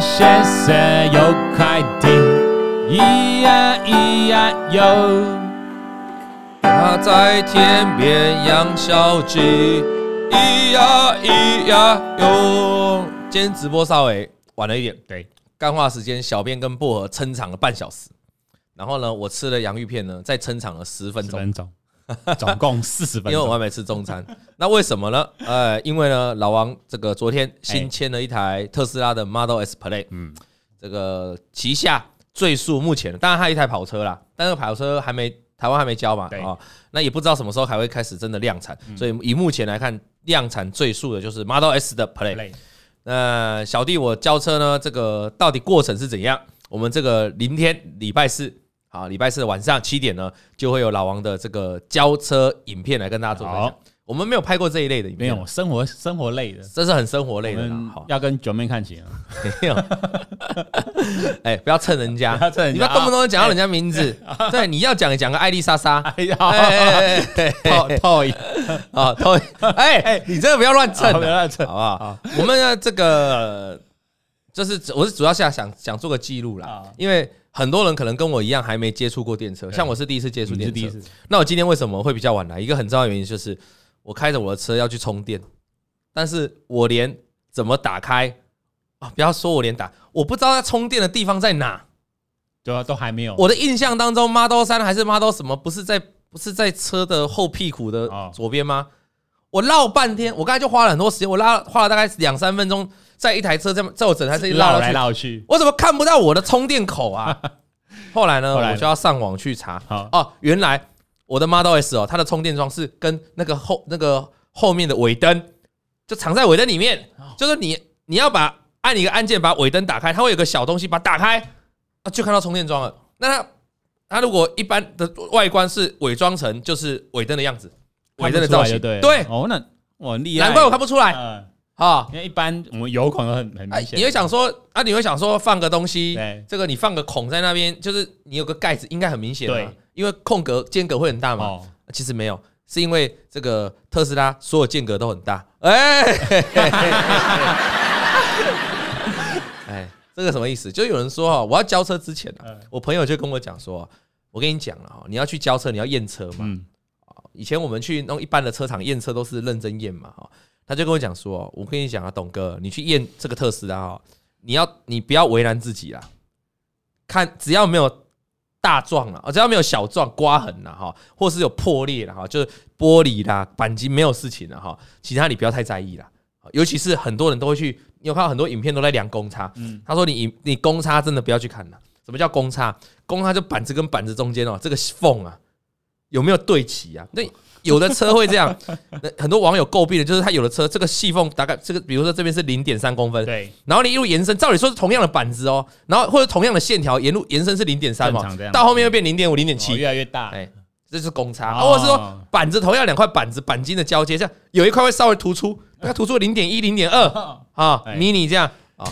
先生有塊地，咿呀咿呀喲；他在田邊養小雞，咿呀咿呀喲。今天直播稍微晚了一點，對，幹話時間，小編跟薄荷撐場了半小時，然後呢，我吃了洋芋片呢，再撐場了十分鐘。總共四十分鐘， 因為我還沒吃中餐。 那為什麼呢？呃，因為呢，老王這個昨天新簽了一台特斯拉的 Model S Plaid 嗯、欸，這個旗下最速目前，當然他有一台跑車啦，但是跑車還沒台灣還沒交嘛，啊、哦，那也不知道什麼時候還會開始真的量產。所以以目前來看，量產最速的就是 Model S 的 Plaid，嗯、那小弟我交車呢，這個到底過程是怎樣？我們這個明天禮拜四。好，禮拜四晚上七點呢，就會有老王的這個交車影片來跟大家做分享。我們沒有拍過這一類的影片，沒有生活生活類的，這是很生活類的。要跟九妹看齊啊！沒有，哎、 欸，不要蹭人家，你不要動不動講、哦欸、到人家名字，對、欸，你要講講個愛莉莎莎，哎呀，討厭啊，討厭，哎、欸哦欸哦、哎,哎，你真的不要亂蹭、哦，不要亂蹭，好不好？好我們這個就是我是主要想想想做個記錄啦，因為。很多人可能跟我一樣還沒接觸過電車，像我是第一次接觸電車。那我今天為什麼會比較晚來？一個很重要的原因就是我開着我的車要去充電，但是我連怎麼打開，啊，不要說我連打，我不知道它充電的地方在哪。對啊，都還沒有。我的印象當中，Model 3還是 Model 什麼，不是在不是在車的後屁股的左邊嗎？哦，我繞半天，我剛才就花了很多時間，我拉花了大概兩三分鐘。在一台車在在我整台車一落來落去，我怎麼看不到我的充電口啊？ 後來呢 後來呢，我就要上網去查。哦，原來我的 Model S 哦，它的充電樁是跟那個後那個後面的尾燈就藏在尾燈裡面，哦。就是你你要把按一個按鍵把尾燈打開，它會有個小東西把它打開，啊，就看到充電樁了。那它它如果一般的外觀是偽裝成就是尾燈的樣子，尾燈的造型對對哦，那哇很厲害，難怪我看不出來。呃啊、哦，因為一般我們油孔都很很明顯。你會想說啊，你會想說放個東西，這個你放個孔在那邊，就是你有個蓋子，應該很明顯嘛。對，因為空格間隔會很大嘛。哦、其實沒有，是因為這個特斯拉所有間隔都很大。哎、欸，哎、 欸，這個什麼意思？就有人說哈、哦，我要交車之前呢、啊，欸、我朋友就跟我講說、啊，我跟你講了哈，你要去交車，你要驗車嘛。嗯、以前我們去弄一般的車廠驗車都是認真驗嘛。啊。他就跟我講說：“我跟你講啊，董哥，你去驗這個特斯拉哈，你要你不要為難自己啦。看，只要沒有大撞了，只要沒有小撞、刮痕了哈，或是有破裂了哈，就是玻璃啦、鈑金沒有事情了哈。其他你不要太在意了。尤其是很多人都會去，你有看到很多影片都在量公差。嗯，他說你你公差真的不要去看了。什麼叫公差？公差就板子跟板子中間哦，這個縫啊有沒有對齊啊？那。” 有的車會這樣，很多網友詬病的就是他有的車這個細縫大概這個，比如說這邊是零點三公分，對，然後你一路延伸，照理說是同樣的板子哦、喔，然後或者同樣的線條沿路延伸是零點三嘛，到後面又變零點五、零點七，越來越大，哎，這是公差，哦、或者是說板子同樣兩塊板子鈑金的交接，這有一塊會稍微突出，它突出零點一、零點二啊，迷你這樣啊、哦，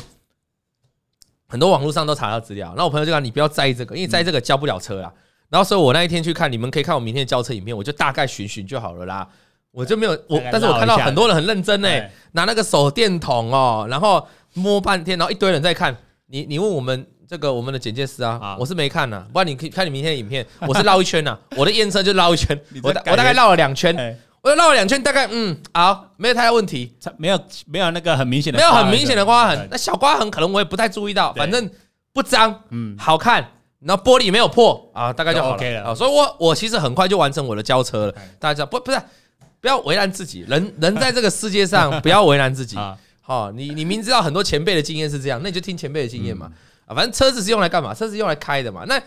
很多網絡上都查到資料，那我朋友就講你不要在意這個，因為在意這個交不了車啊。然後所以，我那一天去看，你們可以看我明天的交車影片，我就大概巡巡就好了啦。我就沒有我，但是我看到很多人很認真誒、欸，拿那個手電筒哦、喔，然後摸半天，然後一堆人在看。你你問我們這個我們的簡介師啊，我是沒看呢、啊，不然你可以看你明天的影片，我是繞一圈呢、啊，我的驗車就繞一圈，我大概繞了兩圈，我繞了兩圈，大概嗯好，沒有太大問題，沒有沒有那個很明顯的，沒有很明顯的刮痕，那小刮痕可能我也不太注意到，反正不髒，嗯，好看。嗯那玻璃沒有破啊，大概就好了，就、OK、了啊，所以我，我我其實很快就完成我的交車了。OK、大家知道不不是，不要為難自己，人人在這個世界上 不要為難自己。好、 哦，你你明知道很多前輩的經驗是這樣，那你就聽前輩的經驗嘛、嗯。啊，反正車子是用來幹嘛？車子是用來開的嘛。那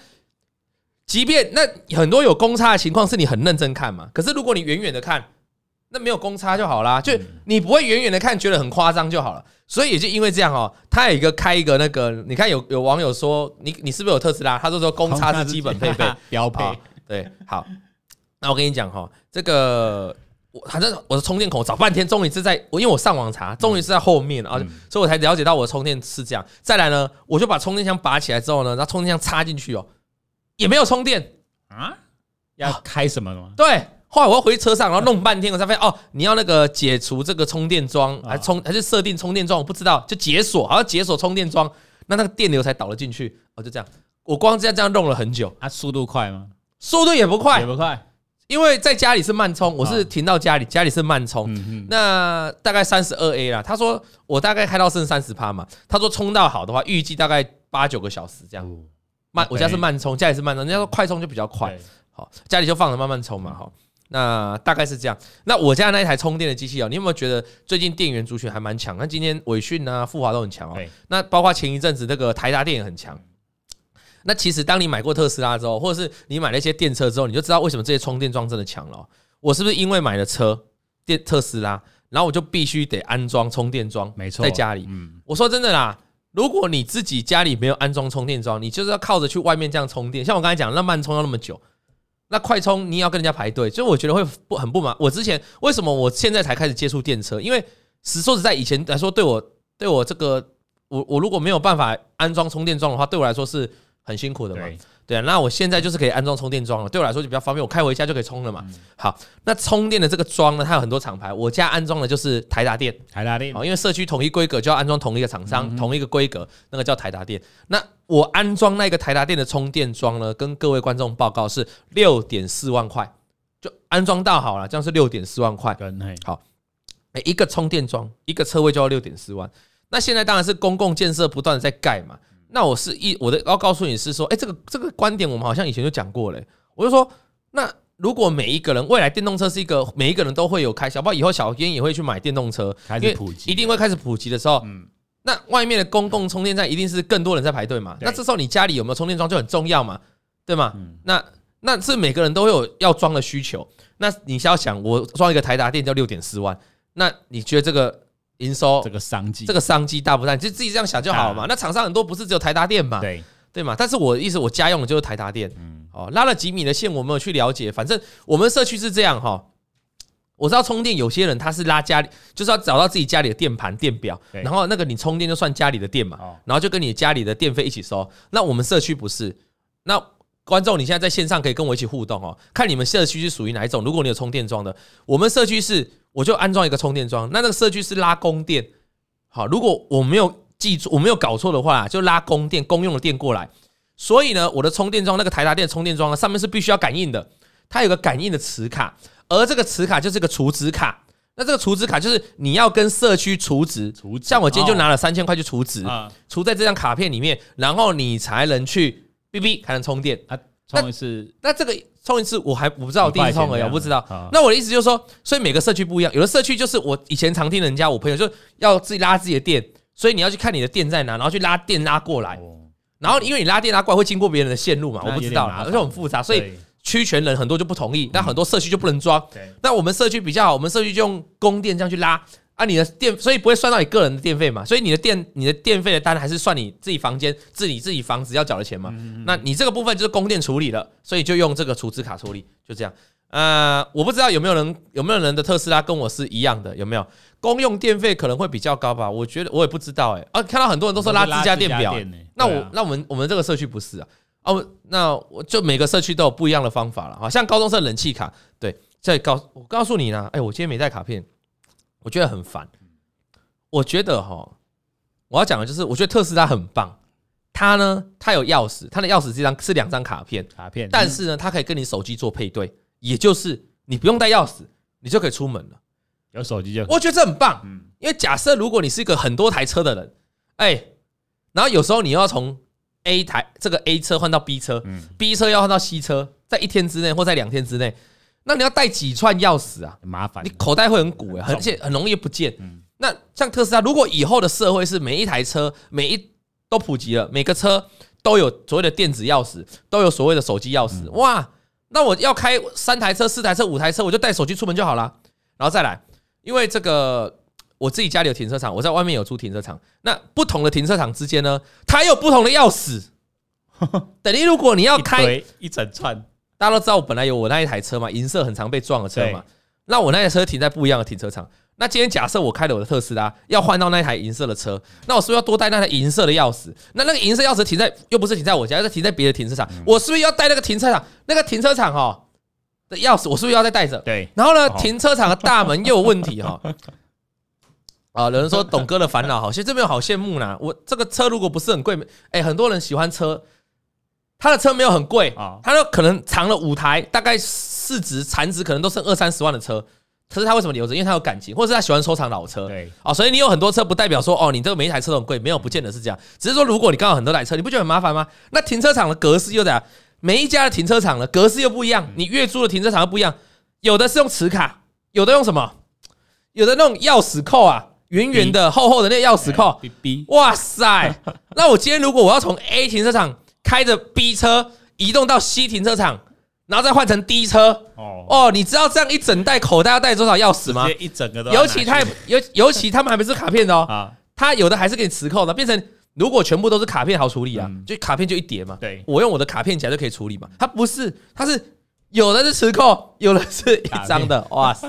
即便那很多有公差的情況，是你很認真看嘛。可是如果你遠遠的看。那沒有公差就好啦，就你不會遠遠的看覺得很誇張就好了。所以也就因為這樣哦，他有一個開一個那個，你看有有網友說你你是不是有特斯拉？他就說公差是基本配備標配。對，好，那我跟你講哈，這個我反正我的充電口找半天，終於是在我因為我上網查，終於是在後面啊，所以我才了解到我的充電是這樣。再來呢，我就把充電槍拔起來之後呢，那充電槍插進去哦，也沒有充電啊，要開什麼了嗎？對。後來我要回車上，然後弄半天我才發現哦，你要那個解除這個充電樁，還充還是設定充電樁？我不知道，就解鎖，好像解鎖充電樁，那那個電流才導了進去。哦，就這樣，我光這樣這樣弄了很久。啊，速度快嗎？速度也不快，也不快，因為在家裡是慢充，我是停到家裡，家裡是慢充、嗯。那大概三十二 A 啦。他說我大概開到剩三十趴嘛。他說充到好的話，預計大概八九個小時這樣。慢，我家是慢充、欸，家裡是慢充。人家說快充就比較快、欸，好，家裡就放着慢慢充嘛，好。那大概是這樣。那我家那一台充電的機器哦、喔，你有沒有覺得最近電源族群還蠻強？那今天偉訊啊、富華都很強哦。那包括前一陣子那個台達電也很強。那其實當你買過特斯拉之後，或者是你買了一些電車之後，你就知道為什麼這些充電樁真的強了、喔。我是不是因為買了車電特斯拉，然後我就必須得安裝充電樁？沒錯，在家裡。嗯，我說真的啦，如果你自己家裡沒有安裝充電樁，你就是要靠着去外面這樣充電。像我剛才講，那慢充要那麼久，那快充你也要跟人家排隊，所以我覺得會不很不滿。我之前為什麼我現在才開始接觸電車？因為實說實在，以前來說對我對我這個我我如果沒有辦法安裝充電樁的話，對我來說是很辛苦的嘛。對啊，那我現在就是可以安裝充電樁了，對我來說就比較方便，我開回家就可以充了嘛。好，那充電的這個樁呢，它有很多廠牌，我家安裝的就是台達電，台達電，因為社區統一規格，就要安裝同一個廠商，同一個規格，那個叫台達電。那我安裝那個台達電的充電樁呢，跟各位觀眾報告是六點四萬塊，就安裝到好了，這樣是六點四萬塊。對，好，哎，一個充電樁，一個車位就要六點四萬。那現在當然是公共建設不斷的在蓋嘛。那我是一我的要告訴你是說，哎，這個這個觀點我們好像以前就講過了、欸。我就說，那如果每一個人未來電動車是一個每一個人都會有開，小包以後小天也會去買電動車，開始普及，一定會開始普及的時候，嗯、那外面的公共充電站一定是更多人在排隊嘛、嗯。那這時候你家裡有沒有充電樁就很重要嘛，對嗎、嗯？那那是每個人都會有要裝的需求。那你要想,想，我裝一個台達電要六點四萬，那你覺得這個？營收這個商機，這個商機、這個、大不大？就自己這樣想就好了嘛、啊。那廠商很多不是只有台達電嘛？對對嘛。但是我的意思，我家用的就是台達電。嗯。哦，拉了幾米的線，我沒有去了解。反正我們社區是這樣哈、哦。我知道充電，有些人他是拉家裡，就是要找到自己家裡的電盤、電表，然後那個你充電就算家裡的電嘛。哦。然後就跟你家裡的電費一起收。那我們社區不是。那觀眾，你現在在線上可以跟我一起互動哦，看你們社區是屬於哪一種。如果你有充電樁的，我們社區是。我就安裝一個充電樁，那那個社區是拉供電，好，如果我沒有記住我沒有搞錯的話，就拉供電公用的電過來。所以呢，我的充電樁那個台達電的充電樁呢，上面是必須要感應的，它有個感應的磁卡，而這個磁卡就是個儲值卡，那這個儲值卡就是你要跟社區儲值，像我今天就拿了三千塊去儲值，儲、哦、在這張卡片裡面，然後你才能去嗶嗶才能充電啊。充一次，那這個充一次，我還我不知道我第一次充沒有，我不知道，不知道。那我的意思就是說，所以每個社區不一樣，有的社區就是我以前常聽人家，我朋友就要自己拉自己的電，所以你要去看你的電在哪，然後去拉電拉過來，哦、然後因為你拉電拉過來會經過別人的線路嘛，嗯、我不知道那，而且很複雜，所以區權人很多就不同意，那很多社區就不能裝、嗯。那我們社區比較好，我們社區就用供電這樣去拉。啊，你的電，所以不會算到你個人的電費嘛？所以你的電，你的電費的單還是算你自己房間、自己自己房子要繳的錢嘛？那你這個部分就是供電處理了，所以就用這個儲值卡處理，就這樣。呃，我不知道有沒有人有沒有人的特斯拉跟我是一樣的，有沒有？公用電費可能會比較高吧？我覺得我也不知道哎、欸。啊，看到很多人都說拉自家電錶、欸，那我那我們我們這個社區不是啊。哦，那我就每個社區都有不一樣的方法了。啊，像高中生冷氣卡，對，再告我告訴你呢、啊，哎，我今天沒帶卡片。我覺得很煩，我覺得哈，我要講的就是，我覺得特斯拉很棒。它呢，它有鑰匙，它的鑰匙是兩張卡片，卡片。但是呢，它可以跟你手機做配對，也就是你不用帶鑰匙，你就可以出門了。有手機就，我覺得這很棒。因為假設如果你是一個很多台車的人，哎，然後有時候你要從 A 台這個 A 車換到 B 車，B 車要換到 C 車，在一天之內或在兩天之內。那你要帶幾串鑰匙啊？麻煩，你口袋會很鼓哎、欸，而且，很容易不見、嗯。那像特斯拉，如果以後的社會是每一台車每一都普及了，每個車都有所謂的電子鑰匙，都有所謂的手機鑰匙、嗯，哇！那我要開三台車、四台車、五台車，我就帶手機出門就好了。然後再來，因為這個我自己家裡有停車場，我在外面有租停車場。那不同的停車場之間呢，它有不同的鑰匙。 等於如果你要開一整串。大家都知道，我本來有我那一台車嘛，銀色很常被撞的車嘛。那我那台車停在不一樣的停車場。那今天假設我開了我的特斯拉，要換到那台銀色的車，那我是不是要多帶那台銀色的鑰匙？那那個銀色鑰匙停在又不是停在我家，是停在別的停車場，我是不是要帶那個停車場？那個停車場哈的鑰匙我是不是要再帶着？對。然後呢，停車場的大門又有問題哈。啊、哦哦，有人說董哥的煩惱好，其實這邊好羨慕吶、啊。我這個車如果不是很貴，誒，很多人喜歡車。他的車沒有很貴啊，他可能藏了五台，大概市值殘值可能都剩二三十萬的車。可是他為什麼留着？因為他有感情，或者是他喜歡收藏老車。啊、哦，所以你有很多車，不代表說哦，你這個每一台車都很貴，沒有，不見得是這樣。只是說，如果你剛好很多台車，你不覺得很麻煩嗎？那停車場的格式又怎樣？每一家的停車場的格式又不一樣，你月租的停車場又不一樣，有的是用磁卡，有的用什麼？有的那種鑰匙扣啊，圓圓的、厚厚的那鑰匙扣。B. 哇塞！那我今天如果我要從 A 停車場，開着 B 車移動到 C 停車場，然後再換成 D 車。哦，哦，你知道這樣一整袋口袋要帶多少鑰匙嗎？尤其他 尤尤其，他們還不是卡片哦、啊。他有的還是給你磁扣的，變成如果全部都是卡片好處理啊、嗯，就卡片就一疊嘛。對，我用我的卡片起來就可以處理嘛。他不是，他是有的是磁扣，有的是一張的。哇塞，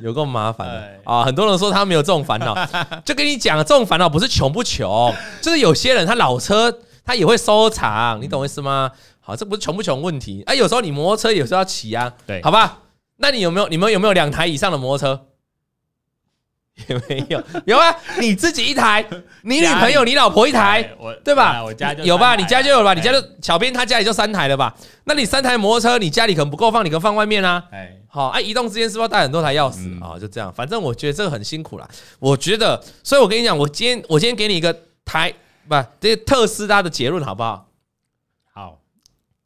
有夠麻煩的啊、哎哦！很多人說他沒有這種煩惱， 就跟你講，這種煩惱不是窮不窮、哦，就是有些人他老車。他也會收藏，你懂我意思嗎？嗯嗯好，這不是窮不窮問題。哎、啊，有時候你摩托車有時候要騎啊，對，好吧？那你有沒有？你們有沒有兩台以上的摩托車？有 沒有，有啊，你自己一台， 你女朋友、你老婆一台，台對吧？我,我家就有吧？你家就有吧？你家就小編、欸、他家裡就三台了吧？那你三台摩托車，你家裡可能不夠放，你可能放外面啊？哎、欸，好，哎、啊，移動之間是不是要帶很多台鑰匙啊、嗯哦？就這樣，反正我覺得這個很辛苦了。我覺得，所以我跟你講，我今天我今天給你一個台。不，這特斯拉的結論好不好？好，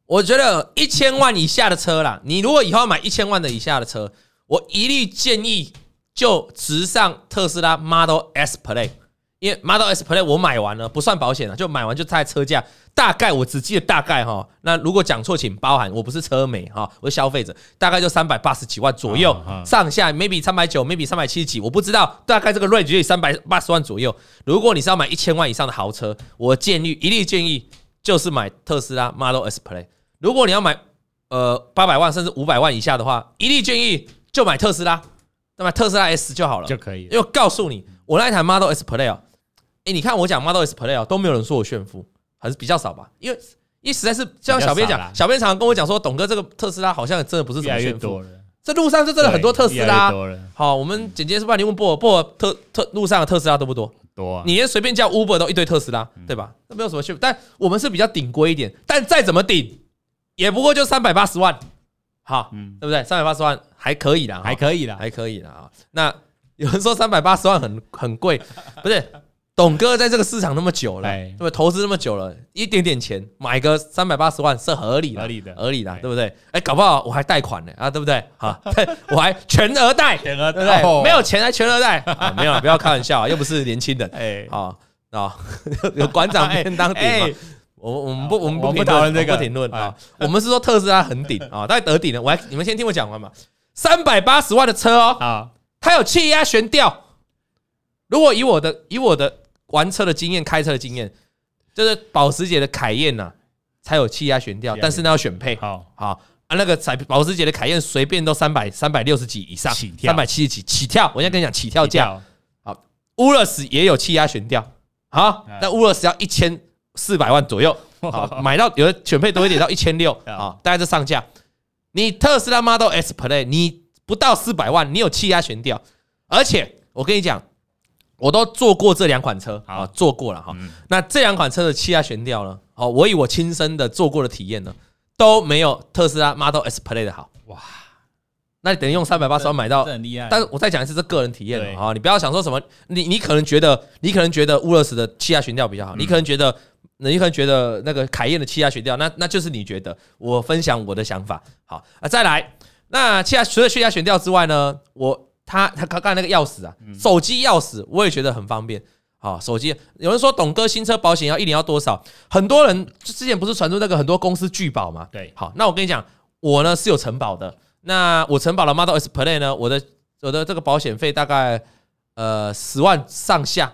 我覺得一千萬以下的車啦，你如果以後買一千萬的以下的車，我一律建議，就直上特斯拉 Model S Plaid 因為 Model S Plaid 我買完了，不算保險了，就買完就在車價，大概我只記得大概哈，那如果講錯請包涵，我不是車媒哈，我是消費者，大概就三百八十幾萬左右，哦哦、上下 maybe 三百九，maybe 三百七十幾，我不知道，大概這個 range 就是三百八十萬左右。如果你是要買一千萬以上的豪車，我建議一律建議就是買特斯拉 Model S Plaid，如果你要買呃八百萬甚至五百萬以下的話，一律建議就買特斯拉，那麼特斯拉 S 就好了，就可以了。因為告訴你，我那一台 Model S Plaid、哦、啊。哎、欸，你看我講 Model S Play 啊、哦，都沒有人說我炫富，還是比較少吧？因為一實在是就像小編講，小編常常跟我講說，董哥這個特斯拉好像真的不是什麼炫富，越來越多了。這路上是真的很多特斯拉。越來越多了。好，我們剪接，是不然你問你，問布爾布爾特特路上的特斯拉多不多？多、啊，你隨便叫 Uber 都一堆特斯拉，嗯、對吧？那沒有什麼炫富，但我們是比較頂貴一點，但再怎麼頂，也不過就三百八十萬，好、嗯，對不對？三百八十萬還可以的，還可以的，還可以的啊。那有人說三百八十萬很很貴，不是？ 董哥在這個市場那麼久了對，那麼投資那麼久了，一點點錢買個三百八十萬是合理的，合理的，合理的，對，對不對？哎、欸，搞不好我還貸款呢啊，對不對？好、啊，我還全額貸，全額貸，欸欸喔、沒有錢還全額貸，喔喔喔、沒有，不要開玩笑啊，哈哈又不是年輕人，哎、欸喔、啊、喔、啊，有館長面當頂嘛，欸、我我們不、欸、我們不討論，欸、這個，喔，不討論啊，我們是說特斯拉很頂啊，但、欸、是、喔嗯、得頂了。我還，你們先聽我講完嘛，三百八十萬的車哦、喔，啊，它有氣壓懸吊，如果以我的以我的。玩車的經驗，開車的經驗，就是保時捷的凱宴啊，才有氣壓懸吊，但是那要選配。好，好啊，那個彩，保時捷的凱宴隨便都三百三百六十幾以上，三百七十幾起跳。我現在跟你講起跳價，好，Urus 也有氣壓懸吊，好，但 Urus 要一千四百萬左右，好，買到有的選配多一點到一千六，啊，大概就上架。你特斯拉 Model S Play，你不到四百萬，你有氣壓懸吊，而且我跟你講。我都坐過這兩款車啊，坐過了哈。嗯、那這兩款車的氣壓懸吊呢？哦，我以我親身的做過的體驗呢，都沒有特斯拉 Model S Plaid 的好。哇，那你等於用三百八十萬買到，這這很厲害。但是我再講一次，這個人體驗，你不要想說什麼，你你可能覺得，你可能覺得烏魯斯的氣壓懸吊比較好，你可能覺得，你可能覺得，你可能覺得，、嗯、你可能覺得那個凱宴的氣壓懸吊，那那就是你覺得。我分享我的想法，好啊。再來，那氣壓除了氣壓懸吊之外呢，我。他他剛剛那個鑰匙啊，手機鑰匙我也覺得很方便。好，手機有人說董哥新車保險要一年要多少？很多人之前不是傳出那個很多公司拒保嘛？對，好，那我跟你講，我呢是有承保的。那我承保的 Model S Play 呢，我的我的這個保險費大概呃十萬上下，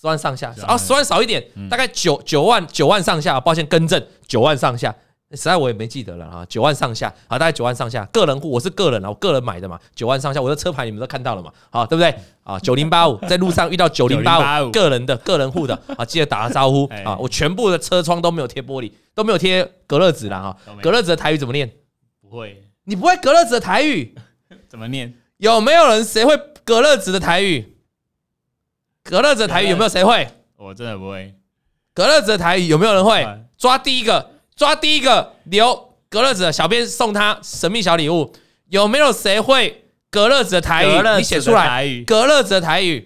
十萬上下啊，十萬少一點，大概九九萬九萬上下啊。抱歉更正，九萬上下。實在我也沒記得了哈，九萬上下啊，大概九萬上下。個人戶，我是個人啊，我個人買的嘛，九萬上下。我的車牌你們都看到了嘛？好，對不對？啊，九零八五，在路上遇到九零八五，個人的，個人戶的，啊，記得打個招呼啊。 我全部的車窗都沒有貼玻璃，都沒有貼隔熱紙了啊。隔熱紙的台語怎麼念？不會，你不會隔熱紙的台語 怎麼念？有沒有人誰會隔熱紙的台語？隔熱紙的台語有沒有誰會？我真的不會。隔熱紙的台語有沒有人會？抓第一個抓第一個留隔熱紙的小編，送他神秘小禮物，有沒有誰會隔熱紙的台語？你寫出來格，隔熱紙的台語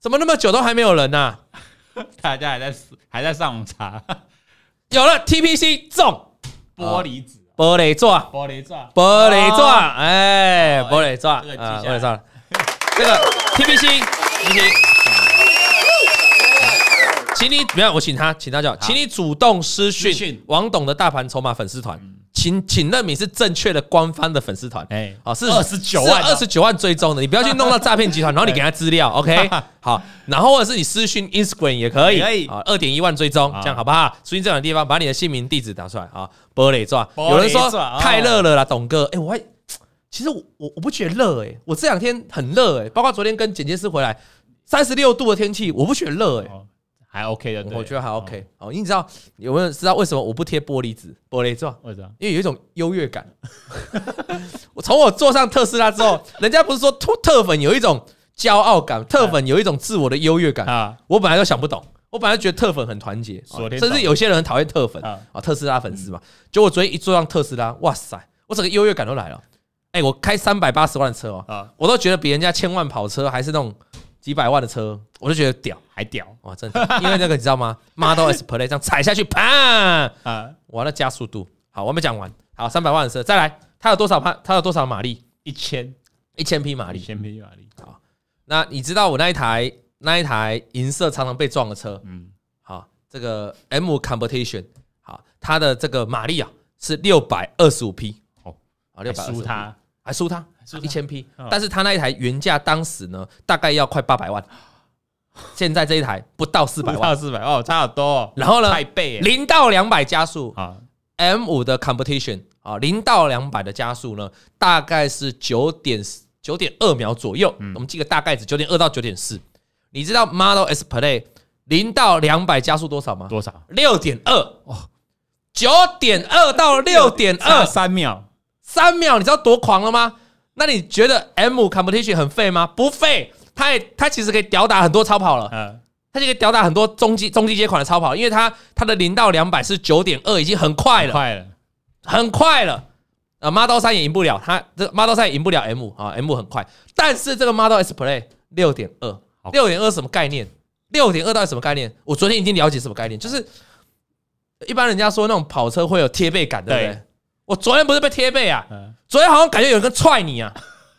怎麼那麼久都還沒有人呢、啊？大家還在還在上午茶，有了 T P C 中玻璃紙，玻璃爪、啊哦，玻璃爪、啊，玻璃爪，哎，玻璃爪、啊這個，啊，玻璃爪、啊， 這個 T P C，謝謝。請你不要，我請他，請他叫，請你主動私訊王董的大盤籌碼粉絲團、嗯，請請認明是正確的官方的粉絲團，哎、欸哦，是二十九萬、啊，二十九萬追蹤的，你不要去弄到詐騙集團， 然後你給他資料，OK， 好，然後或者是你私訊 Instagram 也可以，可以,可以，二點一萬追蹤，這樣好不好？所以這兩個地方，把你的姓名、地址打出來啊。玻璃磚，有人說、哦、太熱了啦，董哥，哎、欸，我還其實我我,我不覺得熱哎、欸，我這兩天很熱哎、欸，包括昨天跟剪接師回來，三十六度的天氣，我不覺得熱欸還 OK 的，我覺得還 OK。哦，你知道有沒有人知道為什麼我不貼玻璃紙、玻璃狀？因為有一種優越感。 我從我坐上特斯拉之後， 人家不是說特粉有一種驕傲感、啊，特粉有一種自我的優越感啊。我本來都想不懂，我本來覺得特粉很團結、啊，甚至有些人很討厭特粉啊，啊。特斯拉粉絲嘛、嗯，就我昨天一坐上特斯拉，哇塞，我整個優越感都來了。哎、欸，我開三百八十萬的車、哦啊、我都覺得比人家千萬跑車還是那種。幾百萬的車，我就覺得屌，還屌啊，真的， 因為那個你知道嗎？Model S Plaid 這樣踩下去，啪！啊，我要加速度。好，我還沒講完。好，三百萬的車再來，它有多少帕？它有多少馬力？一千，一千匹馬力。一千匹馬力。好，那你知道我那一台那一台銀色常常被撞的車？嗯，好，這個 M Competition，好，它的這個馬力啊是六百二十五匹哦，啊，六百還輸它？還輸它？還一千匹，1000P, 但是他那一台原價當時呢，大概要快八百萬。現在這一台不到四百萬，差四百哦，差不多、哦。然後呢？太背。零到兩百加速啊，M 五的 Competition 啊，零到兩百的加速呢，大概是九點九點二秒左右，嗯、我們記個大概是九點二到九點四。你知道 Model S Plaid 零到兩百加速多少嗎？多少？六點二哦，九點二到六點二，三秒，三秒，你知道多狂了嗎？那你覺得 M Competition 很廢嗎？不廢，它也它其實可以吊打很多超跑了，嗯、它就可以吊打很多中級中級階款的超跑，因為它它的零到兩百是九點二，已經很快了，很快了，很快了。啊，Model 三也贏不了它，這個、Model 三也贏不了 M 啊，M 很快，但是這個 Model S Plaid 六點二，好，六點二什麼概念？六點二到底什麼概念？我昨天已經了解什麼概念，就是一般人家說那種跑車會有貼背感，對不對？對我昨天不是被貼背啊，昨天好像感覺有人踹你啊，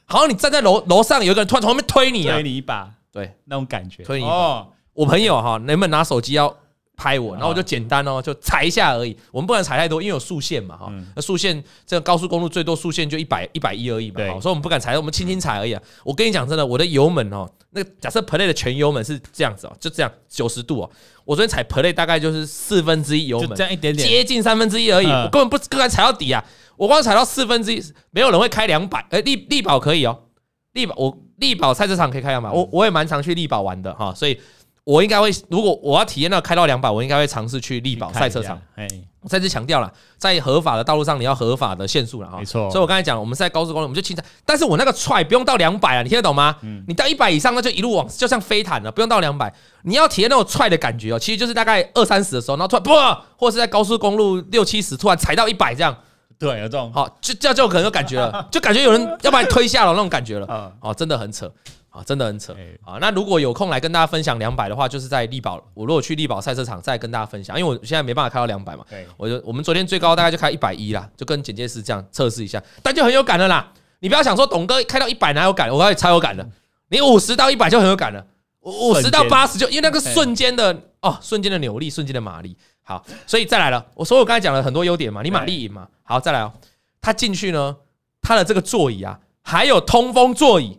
好像你站在樓樓上有個人突然從後面推你啊，推，推你一把，對，那種感覺。推你一把，哦，我朋友哈，能不能拿手機要？拍我，然後我就簡單哦、喔，就踩一下而已。我們不敢踩太多，因為有速限嘛哈、喔。那速限，這個高速公路最多速限就一百一百一而已嘛、喔。所以我們不敢踩，我們輕輕踩而已、啊。我跟你講真的，我的油門哦、喔，那個假設 Plaid 的全油門是這樣子哦、喔，就這樣九十度哦、喔。我昨天踩 Plaid 大概就是四分之一油門，這樣一點點，接近三分之一而已。我根本不不敢踩到底啊，我光踩到四分之一，沒有人會開兩百。哎，麗麗寶可以哦、喔，麗寶我麗寶賽車場可以開兩百，我我也蠻常去麗寶玩的哈、喔，所以。我應該會，如果我要體驗到開到兩百，我應該會嘗試去麗寶賽車場。哎，我再次強調了，在合法的道路上，你要合法的限速了哈。沒錯。所以我剛才講，我們是在高速公路，我們就輕踩。但是我那個踹不用到兩百啊，你聽得懂嗎？你到一百以上，那就一路往，就像飛毯了，不用到兩百。你要體驗那種踹的感覺哦，其實就是大概二三十的時候，然後突然不、啊，或者是在高速公路六七十，突然踩到一百這樣。對，有這種。好，就這樣就可能有感覺了，就感覺有人要把你推下了那種感覺了。嗯。哦，真的很扯。啊，真的很扯啊、okay.！那如果有空來跟大家分享兩百的話，就是在麗寶，我如果去麗寶賽車場再跟大家分享，因為我現在沒辦法開到兩百嘛。對、okay.，我就我們昨天最高大概就開一百一啦，就跟簡介是這樣測試一下，但就很有感的啦。你不要想說董哥開到一百哪有感，我跟你超有感的。你五十到一百就很有感了，五十到八十就因為那個瞬間的、okay. 哦，瞬間的扭力，瞬間的馬力。好，所以再來了，所有我剛才講了很多優點嘛，你馬力贏嘛。Okay. 好，再來哦，它進去呢，它的這個座椅啊，還有通風座椅。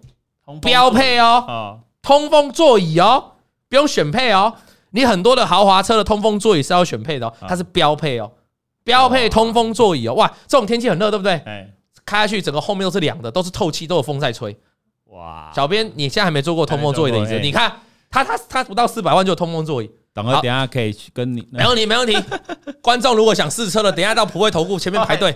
標配哦，哦，通風座椅哦，不用選配哦。你很多的豪華車的通風座椅是要選配的，哦，它是標配哦。標配通風座椅哦，哇，這種天氣很熱，對不對？開下去整個後面都是涼的，都是透氣，都有風在吹。哇，小編你現在還沒坐過通風座椅的車，你看它它它不到四百萬就有通風座椅，等會等下可以去跟你。沒問題， 沒問題。觀眾如果想試車的，等一下到普惠投顧前面排隊，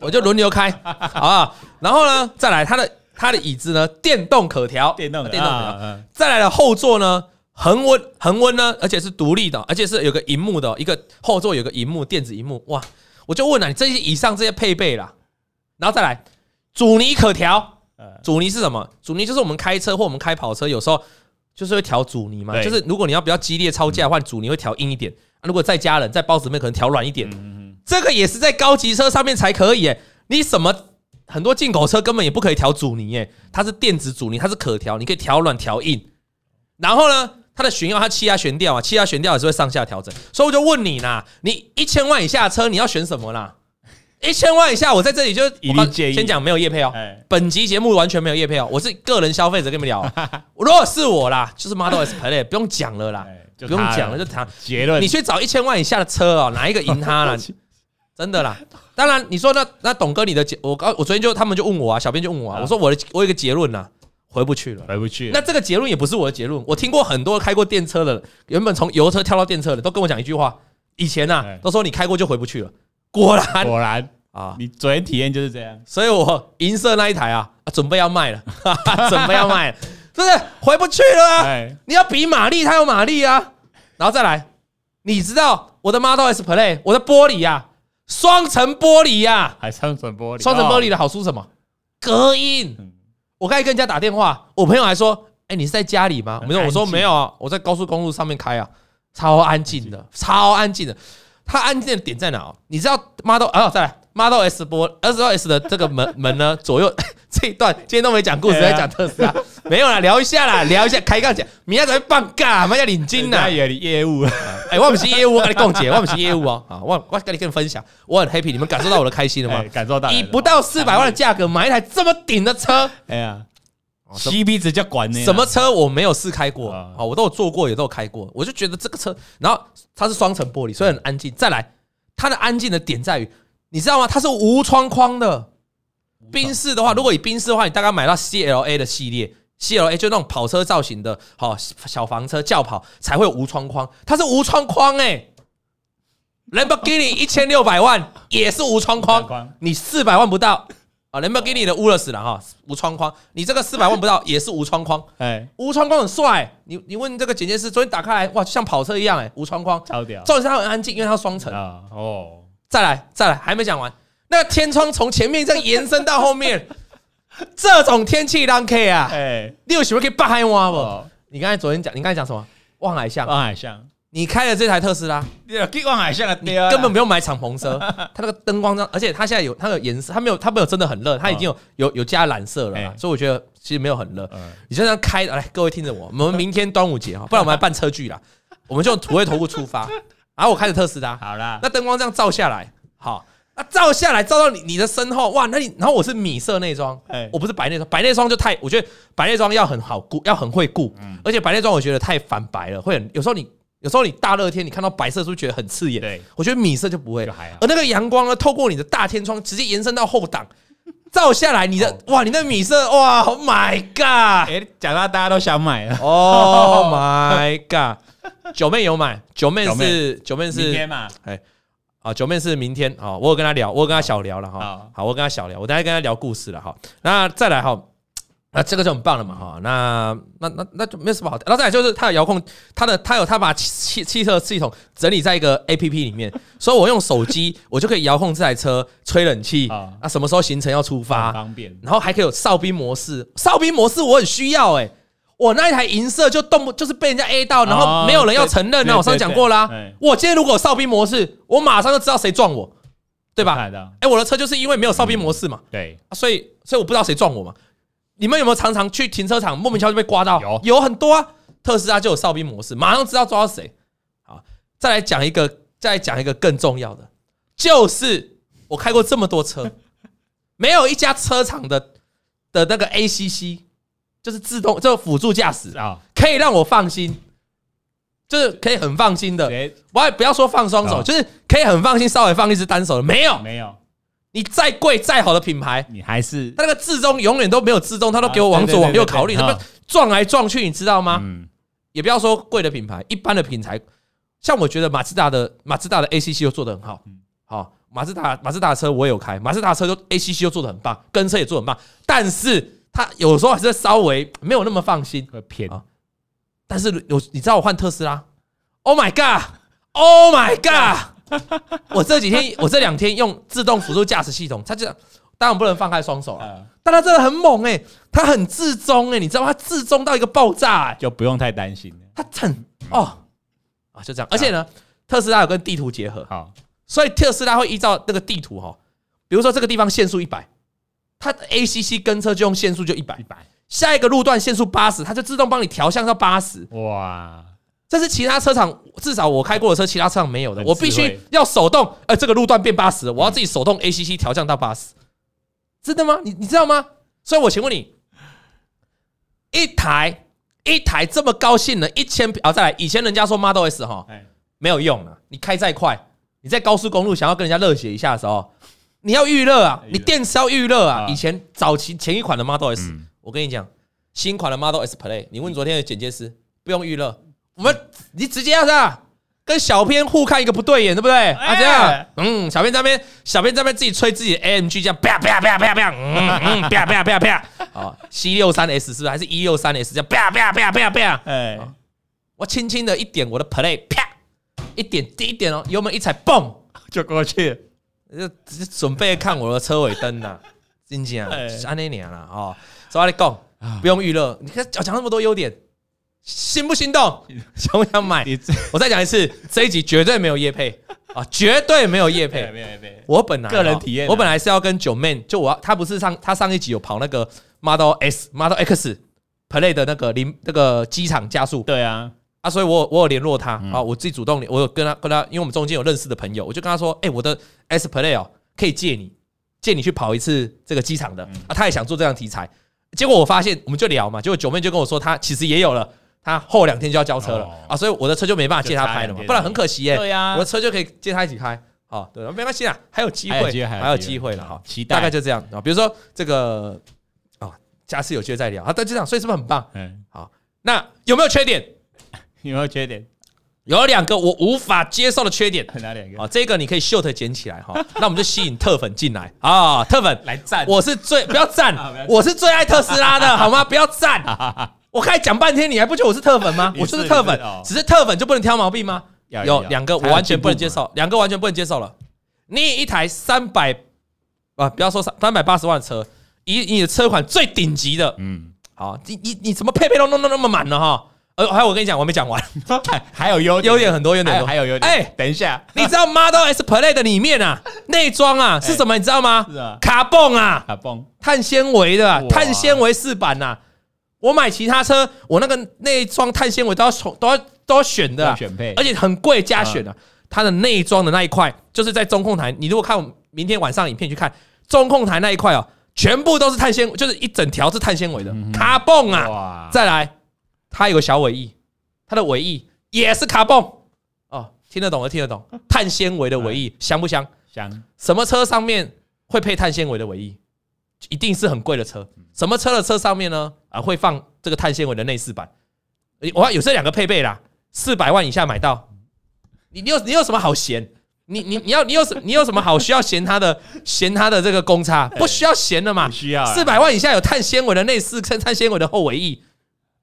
我就輪流開好不好？ 好好，然後呢，再來它的。它的椅子呢，電動可調，電動電動可調、啊啊啊。再來的後座呢，恆溫恆溫呢，而且是獨立的，而且是有個螢幕的一個後座，有個螢幕電子螢幕。哇，我就問了，你這些以上這些配備啦，然後再來阻尼可調，阻尼是什麼？阻尼就是我們開車或我們開跑車有時候就是會調阻尼嘛，就是如果你要比較激烈操駕，話、嗯、阻尼會調硬一點；啊、如果在家人在包子裡面可能調軟一點、嗯。這個也是在高級車上面才可以、欸。耶。你什麼？很多進口車根本也不可以調阻尼耶，它是電子阻尼，它是可調，你可以調軟調硬。然後呢，它的懸要它氣壓懸吊啊，氣壓懸吊也是會上下調整。所以我就問你啦，你一千萬以下的車你要選什麼啦？一千萬以下，我在這裡就我先講沒有業配哦、喔欸，本集節目完全沒有業配哦、喔，我是個人消費者跟你們聊、喔。 如果是我啦，就是 Model S Play，不用講了啦，欸、了不用講了就談結論。你去找一千萬以下的車哦、喔，哪一個贏他了？ 真的啦，當然你說那那董哥你的結我剛我昨天就他們就問我啊，小編就問我，啊，我說我的我有一個結論吶，啊，回不去了，回不去了。那這個結論也不是我的結論，我聽過很多開過電車的，原本從油車跳到電車的，都跟我講一句話，以前啊，都說你開過就回不去了，果然果然啊，你昨天體驗就是這樣，所以我銀色那一台啊，啊，準備要賣了，哈哈準備要賣了， 就是回不去了啊，啊，你要比馬力，它有馬力啊，然後再來，你知道我的 Model S Plaid 我的玻璃呀，啊。雙層玻璃呀，還是雙層玻璃，雙層玻璃的好處是什麼？隔音。我剛才跟人家打電話，我朋友還說：“哎，你是在家裡嗎？”沒有，我說沒有啊，我在高速公路上面開啊，超安靜的，超安靜的。它安靜的點在哪？你知道 Model，啊，再來 Model S 波 S 二 S 的這個門門呢？左右？ 這一段今天都沒講故事，欸啊、還講特斯拉？沒有啦，聊一下啦， 聊一下。開槓講，明天才會放假。買個領巾吶，也你業務。哎、 欸，我不是業務，我跟你講勉。我不是業務哦，啊，我我跟你跟你分享，我很 happy。你們感受到我的開心了嗎？欸、感受到。以不到四百萬的價格、啊啊、買一台這麼頂的車，哎呀，CP 直接管你。什麼車我沒有試開過啊,我開過啊、哦？我都有坐過，也都有開過。我就覺得這個車，然後它是雙層玻璃，所以很安靜。再來，它的安靜的點在於，你知道嗎？它是無窗框的。賓士的話，如果以賓士的話，你大概買到 C L A 的系列，C L A 就那種跑車造型的，好小房車轎跑才會無窗框，它是無窗框、欸、 lamborghini 一千六百萬也是無窗框，窗框你四百萬不到 啊，lamborghini 的烏魯斯哈，無窗框，你這個四百萬不到 也是無窗框，哎、欸，無窗框很帥、欸，你你問這個剪接師昨天打開來，哇，就像跑車一樣哎、欸，無窗框，重點是它很安靜，因為它雙層啊，哦，再來再來還沒講完。那天窗從前面這樣延伸到後面， 這種天氣當開啊！哎、欸，你有喜歡開八海灣不、哦？你剛才昨天講，你剛才講什麼？望海巷望、啊、海巷。你開了這台特斯拉，你有開望海巷啊？你根本不用買敞篷車， 它那個燈光這樣，而且它現在有它的顏色，它沒有，它沒有真的很熱，它已經有、哦、有有加藍色了、欸，所以我覺得其實沒有很熱、嗯。你就這樣開，來、哎、各位聽着我，我們明天端午節哈，不然我們還辦車聚了， 我們就從土衛頭部出發，然後我開着特斯拉，好啦，那燈光這樣照下來，好。啊，照下來，照到你你的身後，哇，那你然後我是米色內裝，欸、我不是白內裝，白內裝就太，我覺得白內裝要很好顧，要很會顧，嗯、而且白內裝我覺得太反白了，會很，有時候你有時候你大熱天你看到白色是不是覺得很刺眼？對，我覺得米色就不會。那而那個陽光呢，透過你的大天窗直接延伸到後擋，照下來你的，哦、哇，你那米色，哇，Oh my god！誒，講到大家都想買了，Oh my god！九 妹有買，九妹是九妹，妹是明天嘛？欸啊，酒面是明天啊，我有跟他聊，我有跟他小聊了哈。好，我跟他小聊，我等下跟他聊故事了哈。那再來哈，那這個就很棒了嘛哈。那那那那就沒什麼好。那再來就是他有遙控他的，他有他把汽汽車系統整理在一個 A P P 裡面， 所以我用手機我就可以遙控這台車 吹冷氣啊。那什麼時候行程要出發方便？然後還可以有哨兵模式，哨兵模式我很需要哎、欸。我那一台銀色就動不，就是被人家 A 到，然後沒有人要承認。那我上次講過啦，我今天如果有哨兵模式，我馬上就知道誰撞我，對吧？哎、欸，我的車就是因為沒有哨兵模式嘛，對，對所以所以我不知道誰撞我嘛。你們有沒有常常去停車場，莫名其妙就被刮到？有有很多啊，特斯拉就有哨兵模式，馬上知道抓到誰。好，再來講一個，再來講一個更重要的，就是我開過這麼多車， 沒有一家車廠的的那個 ACC。就是自動，就輔助駕駛啊，可以讓我放心，就是可以很放心的，我也不要說放雙手，就是可以很放心稍微放一隻單手的，沒有沒有，你再貴再好的品牌，你還是它那個自動永遠都沒有自動，它都給我往左往右考慮，它撞來撞去，你知道嗎？嗯，也不要說貴的品牌，一般的品牌，像我覺得馬自達的馬自達的 A C C 就做得很好，好，馬自達馬自達車我也有開，馬自達車就 A C C 就做得很棒，跟車也做得很棒，但是。它有時候還是稍微沒有那麼放心，會偏、哦。但是有你知道我換特斯拉，Oh my God，Oh my God，、啊、我這幾天 我這兩天用自動輔助駕駛系統，它就當然不能放開雙手啊，但它真的很猛誒、欸，它很自重誒、欸，你知道嗎，它自重到一個爆炸、欸，就不用太擔心。它很哦、嗯、啊就這樣，而且呢、啊，特斯拉有跟地圖結合，好，所以特斯拉會依照那個地圖哈、哦，比如說這個地方限速一百。它 A C C 跟車就用限速就一百，一百下一個路段限速八十，它就自動幫你調降到八十。哇，這是其他車廠，至少我開過的車，其他車廠沒有的。我必須要手動，呃，這個路段變八十，我要自己手動 A C C 調降到八十、嗯。真的嗎？你你知道嗎？所以我請問你，一台一台這麼高性能，一千啊，再來以前人家說 Model S 哈、哎，沒有用了你開再快，你在高速公路想要跟人家熱血一下的時候。你要預熱啊！你電池要預熱啊！以前早期前一款的 Model S、嗯、我跟你講，新款的 Model S Play，你問昨天的剪接師，不用預熱，我們你直接要這樣跟小編互看一個不對眼，對不對？啊，這樣，嗯，小編在那邊，小編在那邊自己吹自己 AMG，這樣啪啪啪啪啪，啪，嗯，嗯，嗯啪啪啪啪，啪，好 C 六三 S 是不是？還是 E 六三 S，這樣啪啪啪啪啪，哎，我輕輕的一點我的 Play，啪，一點低一點哦，喔，油門一踩，嘣就過去。就準備看我的車尾燈吶，靜靜啊，就是安那年啦哦。所以說你講，不用預熱，你看講那麼多優點，心不心動？想不想買？我再講一次，這一集絕對沒有業配啊、哦，絕對沒有業配。我本來個人體驗，我本來是要跟九 Man，就我要他不是上他上一集有跑那個 Model S、Model X Play 的那個零那個機場加速。對啊。啊，所以我有我有聯絡他、嗯、啊，我自己主動，我有跟他跟他，因為我們中間有認識的朋友，我就跟他說，哎、欸，我的 S Plaid 哦，可以借你借你去跑一次這個機場的、嗯、啊，他也想做這樣題材。結果我發現，我們就聊嘛，結果九妹就跟我說，他其實也有了，他後兩天就要交車了、哦、啊，所以我的車就沒辦法借他拍了嘛，對對對，不然很可惜耶、欸。呀、啊，我的車就可以借他一起拍好、哦，對，沒關係啊，還有機會，還有機會了哈，期待，大概就這樣啊。比如說這個啊、哦，下次有機會再聊啊，在機場，所以是不是很棒？嗯，好，那有沒有缺點？你有沒有缺點？有兩個我無法接受的缺點，哪兩個啊、哦？這個你可以秀特剪起來哈、哦。那我們就吸引特粉進來啊！ 特粉來讚，我是最不要讚，我是最愛特斯拉的 好嗎？不要讚， 我開始講半天，你還不覺得我是特粉嗎？是，我就是特粉，是是、哦，只是特粉就不能挑毛病嗎？有兩個我完全不能接受，兩個完全不能接受了。你一台三百啊，不要說三三百八十萬的車，以你的車款最頂級的，嗯，好，你你你怎麼配配都弄弄那麼滿了哈？哦呃、哦，還有我跟你講，我沒講完， 還有優優點、點很多，優點很多，還有優點。哎、欸，等一下，你知道 Model S Plaid 的裡面啊，內 裝啊、欸、是什麼？你知道嗎？是嗎？Carbon、啊，卡泵啊，卡泵。碳纖維的，碳纖維飾板吶。我買其他車，我那個內裝碳纖維都要從都要都要選的、啊，選配，而且很貴加選的、啊嗯。它的內裝的那一塊，就是在中控台，你如果看我明天晚上影片去看中控台那一塊哦，全部都是碳纖維，就是一整條是碳纖維的，卡、嗯、泵啊。哇，再來。它有個小尾翼，它的尾翼也是卡蹦哦，聽得懂就聽得懂，碳纖維的尾翼、啊、香不香？香。什麼車上面會配碳纖維的尾翼？一定是很貴的車。什麼車的車上面呢？啊，會放這個碳纖維的內飾板。哎、我看有這兩個配備啦，四百萬以下買到。你你有你有什麼好嫌？你你你要你有你有什麼好需要嫌它的？嫌 它的這個公差不需要嫌的嘛？不需要。四、欸、百、啊、萬以下有碳纖維的內飾跟碳纖維的後尾翼。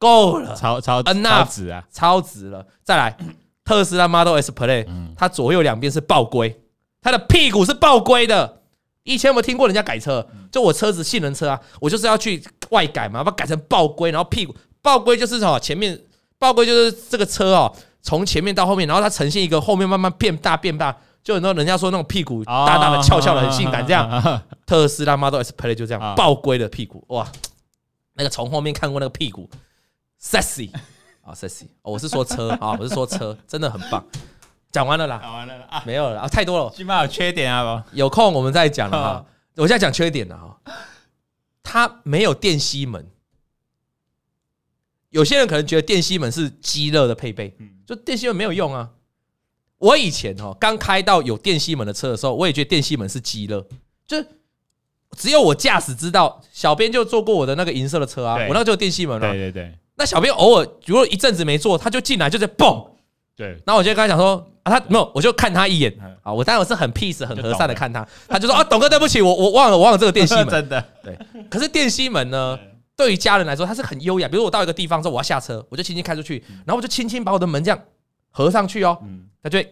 夠了，超超超值啊！超值、啊、了，再來、嗯、特斯拉 Model S Play，、嗯、它左右兩邊是爆龜，它的屁股是爆龜的。以前有沒有聽過人家改車？就我車子性能車啊，我就是要去外改嘛，把它改成爆龜。然後屁股爆龜就是哦，前面爆龜就是這個車哦，從前面到後面，然後它呈現一個後面慢慢變大變大，就很多人家說那種屁股大大的翹翹、哦、的很性感這樣。哦、特斯拉 Model S Play 就這樣、哦、爆龜的屁股，哇，那個從後面看過那個屁股。sexy 啊，sexy！我是說車 啊，我是說車，真的很棒。講完了啦，講完了啦，沒有了、啊、太多了。起碼有缺點啊，有空我們再講啊。Oh. 我現在講缺點的啊，它沒有電吸門。有些人可能覺得電吸門是雞肋的配備，就電吸門沒有用啊。我以前哈剛開到有電吸門的車的時候，我也覺得電吸門是雞肋，就只有我駕駛知道。小編就坐過我的那個銀色的車啊，我那個就有電吸門了、啊，對對對。那小編偶爾如果一陣子沒坐，他就進來就在蹦。對，然後我就跟他講說啊，他沒有，我就看他一眼啊。我當然是很 peace、很和善的看他，他就說啊，董哥對不起，我我忘了，我忘了這個電吸門。 真的，對。可是電吸門呢，對於家人來說，它是很優雅。比如我到一個地方之後，我要下車，我就輕輕開出去，然後我就輕輕把我的門這樣合上去哦，它就會，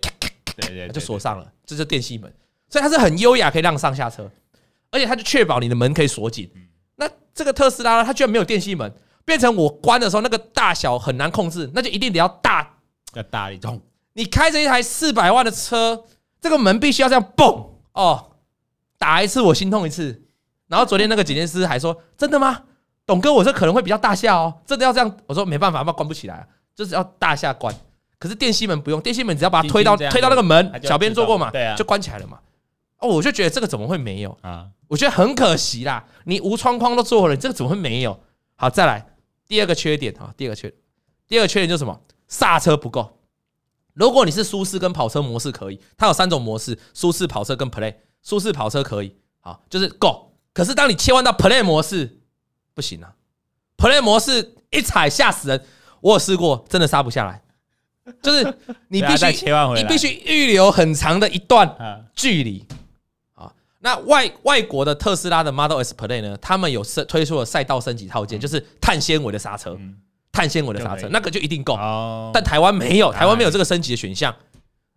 他就鎖上了，這就是電吸門，所以它是很優雅可以讓上下車，而且它就確保你的門可以鎖緊。那這個特斯拉呢，它居然沒有電吸門。變成我關的時候，那個大小很難控制，那就一定得要大，要大一通。你開着一台四百萬的車，這個門必須要這樣蹦哦，打一次我心痛一次。然後昨天那個檢驗師還說：“真的嗎，董哥？我這可能會比較大下哦，真的要這樣？”我說：“沒辦法，那關不起來，就是要大下關。可是電吸門不用，電吸門只要把它推到金金推到那個門，小編做過嘛，對啊，就關起來了嘛。哦，我就覺得這個怎麼會沒有啊？我覺得很可惜啦。你無窗框都做了，這個怎麼會沒有？好，再來。第二個缺點啊，第二個缺點，第二個缺點就是什麼？剎車不夠。如果你是舒適跟跑車模式可以，它有三種模式：舒適、跑車跟 Play。舒適跑車可以，啊，就是 Go。可是當你切換到 Play 模式，不行啊！Play 模式一踩嚇死人，我有試過，真的剎不下來。就是你必須你必須預留很長的一段距離。那外外國的特斯拉的 Model S Plaid 呢？他們有推出了賽道升級套件，嗯、就是碳纖維的剎車，嗯、碳纖維的剎車，那個就一定夠，哦、但台灣沒有，台灣沒有這個升級的選項，哎、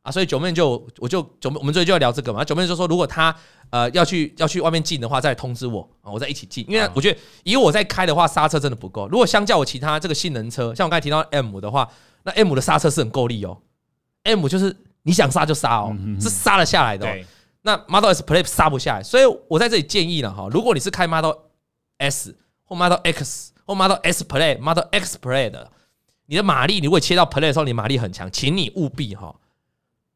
啊。所以九妹就我就九妹，9, 我們最近就要聊這個嘛。九妹就說，如果他呃要去要去外面進的話，再通知我啊，我再一起進。因為我覺得以我在開的話，剎車真的不夠。如果相較我其他這個性能車，像我剛才提到 M 的話，那 M 的剎車是很夠力哦。M 就是你想剎就剎哦，嗯、哼哼是剎了下來的，哦。那 Model S Play 剎不下來，所以我在這裡建議了哈，如果你是開 Model S 或 Model X 或 Model S Play、Model X Play 的，你的馬力，你如果切到 Play 的時候，你馬力很強，請你務必哈，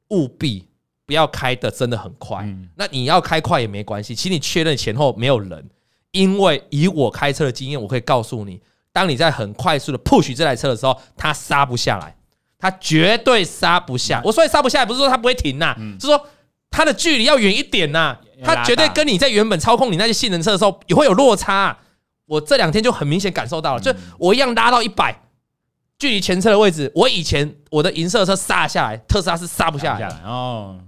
務必不要開的真的很快，嗯。那你要開快也沒關係，請你確認前後沒有人，因為以我開車的經驗，我可以告訴你，當你在很快速的 push 這台車的時候，它剎不下來，它絕對剎不下，嗯。我說的剎不下來，不是說它不會停吶，是說。它的距離要遠一點吶、啊，它絕對跟你在原本操控你那些性能車的時候也會有落差、啊。我這兩天就很明顯感受到了，就我一樣拉到一百，距離前車的位置，我以前我的銀色的車剎下來，特斯拉是剎不下來哦。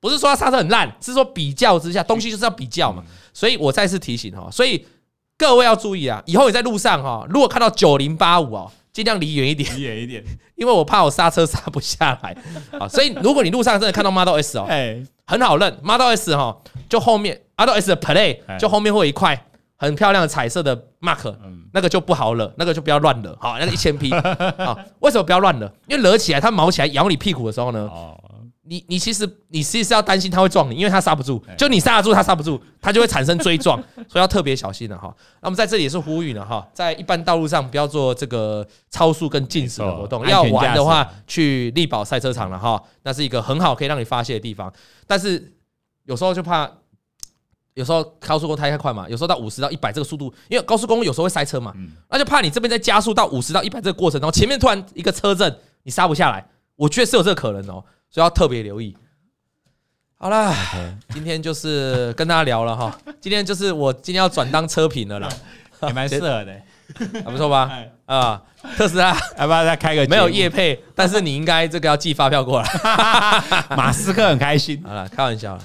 不是說它剎車很爛，是說比較之下，東西就是要比較嘛。所以我再次提醒哈，所以各位要注意啊，以後你在路上哈，如果看到九零八五哦。儘量離遠一點，離遠一點， 因為我怕我剎車剎不下來啊。所以如果你路上真的看到 Model S 哦，很好認，Model S 哈、哦，就後面 Model S 的 Play 就後面會有一塊很漂亮的彩色的 Mark，那個就不好惹，那個就不要亂惹，那個一千 P 為什麼不要亂惹？因為惹起來它毛起來咬你屁股的時候呢。你你其實你其實是要擔心他會撞你，因為他剎不住，就你剎得住，他剎不住，他就會產生追撞， 所以要特別小心了哈。那麼在這裡也是呼籲了哈，在一般道路上不要做這個超速跟競駛的活動，要玩的話去麗寶賽車場了哈，那是一個很好可以讓你發洩的地方。但是有時候就怕，有時候高速公路太快嘛，有時候到五十到一百這個速度，因為高速公路有時候會塞車嘛，那就怕你這邊在加速到五十到一百這個過程中，前面突然一個車陣，你剎不下來，我覺得是有這個可能哦、喔。所以要特別留意。好啦，okay，今天就是跟大家聊了哈。 今天就是我今天要轉當車評了啦， 也蠻適合的、欸， 還不錯吧、哎？啊，特斯拉要不要再開個、Jay？沒有業配， 但是你應該這個要寄發票過來。 馬斯克很開心。好了，開玩笑了。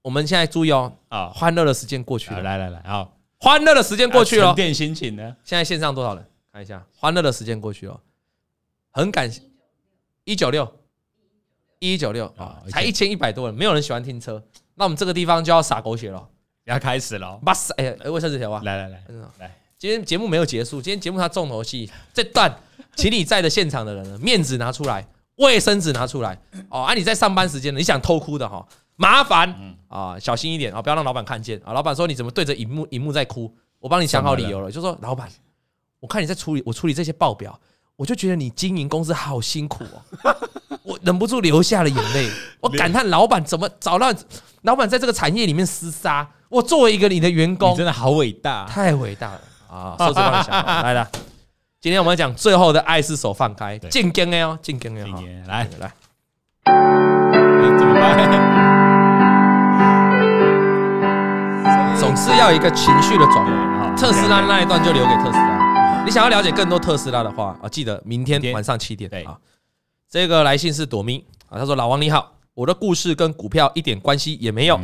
我們現在注意哦。啊、哦，歡樂的時間過去了、啊，來來來，啊，歡樂的時間過去了。沉澱心情呢？現在線上多少人？看一下，歡樂的時間過去了。很感謝一九六。196一九六啊，oh, okay. 才一千一百多人，沒有人喜歡聽車，那我們這個地方就要撒狗血了，要開始了。把灑、欸，哎呀，衛生紙條啊，來來來，來，今天節目沒有結束，今天節目它重頭戲， 這段，請你在的現場的人， 面子拿出來，衛生紙拿出來。哦，啊，你在上班時間你想偷哭的哈、哦，麻煩，啊、嗯哦，小心一點啊、哦，不要讓老闆看見啊、哦。老闆說你怎麼對着熒幕熒幕在哭？我幫你想好理由了，了就說老闆，我看你在處理我處理這些報表。我就覺得你經營公司好辛苦哦，我忍不住流下了眼淚，我感嘆老闆怎麼找到老闆在這個產業裡面廝殺。我作為一個你的員工，真的好偉大，太偉大了啊！說實話的來了。今天我們要講最後的愛是手放開，正經的哦，的哦，的哦，正經的，好來來。怎麼辦？總是要一個情緒的轉變。特斯拉那一段就留給特斯拉。你想要了解更多特斯拉的話啊，記得明天晚上七點啊。這個來信是朵咪啊，他說：“老王你好，我的故事跟股票一點關係也沒有，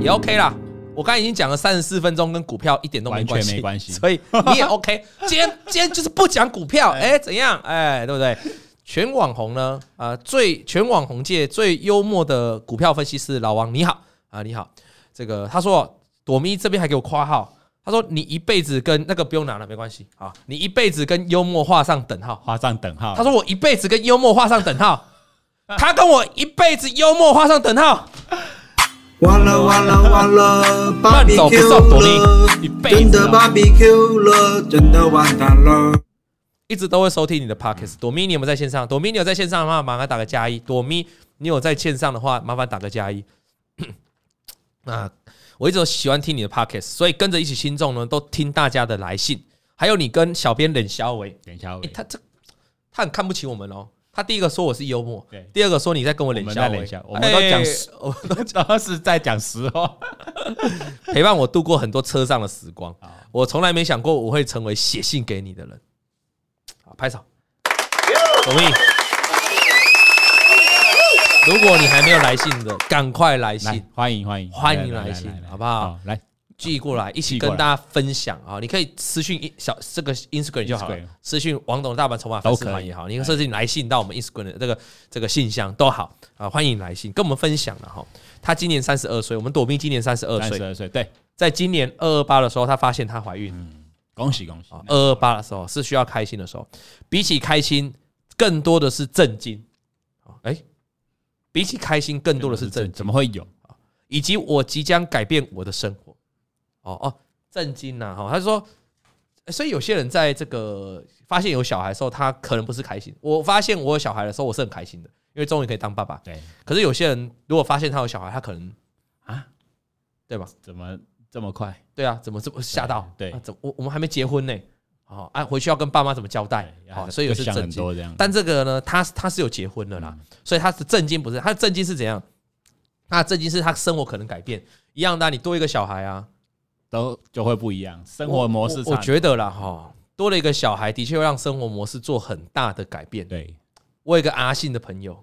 也 OK 啦。我剛才已經講了三十四分鐘，跟股票一點都沒關係，完全沒關係。所以你也 OK。今天今天就是不講股票，哎，怎樣？哎，對不對？全網紅呢？啊，最全網紅界最幽默的股票分析師老王你好啊，你好。這個他說朵咪這邊還給我括號。”他說：“你一輩子跟那個不用拿了，沒關係。好，你一輩子跟幽默畫上等號。”畫上等號。他說：“我一輩子跟幽默畫上等號。”他跟我一輩子幽默畫上等號，上等號、 呃。完了完了完了！慢、呃、走， 不送， 多米。真的芭比 Q 了，真的完蛋了。一直都會收聽你的 Podcast，、嗯、多米，你有，沒有在線上？ 多米，你有在線上的話，麻煩打個加一。多米，你有在線上的話，麻煩打個加一。那。我一直都喜歡聽你的 podcast，所以跟着一起聽眾呢，都聽大家的來信，還有你跟小編冷笑為，冷笑為，他這他很看不起我們哦、喔。他第一個說我是幽默，第二個說你在跟我冷笑，我們都講，我們都講是在講實話。 陪伴我度過很多車上的時光，我從來沒想過我會成為寫信給你的人。好，拍手，同 意。如果你還沒有來信的，趕快來信，來歡迎歡迎，歡迎來信，來來來來來好不好？好，來寄過來，一起跟大家分享啊！你可以私信小這個 Instagram 就好了，Instagram、私信王董大本籌碼粉絲團也好，你可以設定來信到我們 Instagram 的這個這個信箱都好啊！歡迎來信，跟我們分享了哈。他今年三十二歲，我們躲避今年三十二歲，三十二歲對，在今年二二八的時候，他發現她懷孕、嗯，恭喜恭喜！二二八的時候是需要開心的時候，比起開心更多的是震驚比起開心，更多的是震，怎麼會有？以及我即將改變我的生活，哦哦，震驚吶！哈，他說，所以有些人在這個發現有小孩的時候，他可能不是開心。我發現我有小孩的時候，我是很開心的，因為終於可以當爸爸。對，可是有些人如果發現他有小孩，他可能啊，對吧？怎麼這麼快？對啊，怎麼這麼嚇到？對，怎麼我我們還沒結婚呢？哦，啊，回去要跟爸媽怎麼交代？啊，啊，所以有是想很多這樣。但這個呢，他他是有結婚了啦，嗯，所以他的震驚不是？他的震驚是怎樣？他的震驚是他生活可能改變一樣的，啊，那你多一個小孩啊，都就會不一樣生活模式我我。我覺得啦，多了一個小孩，的確會讓生活模式做很大的改變。對，我有一個阿信的朋友，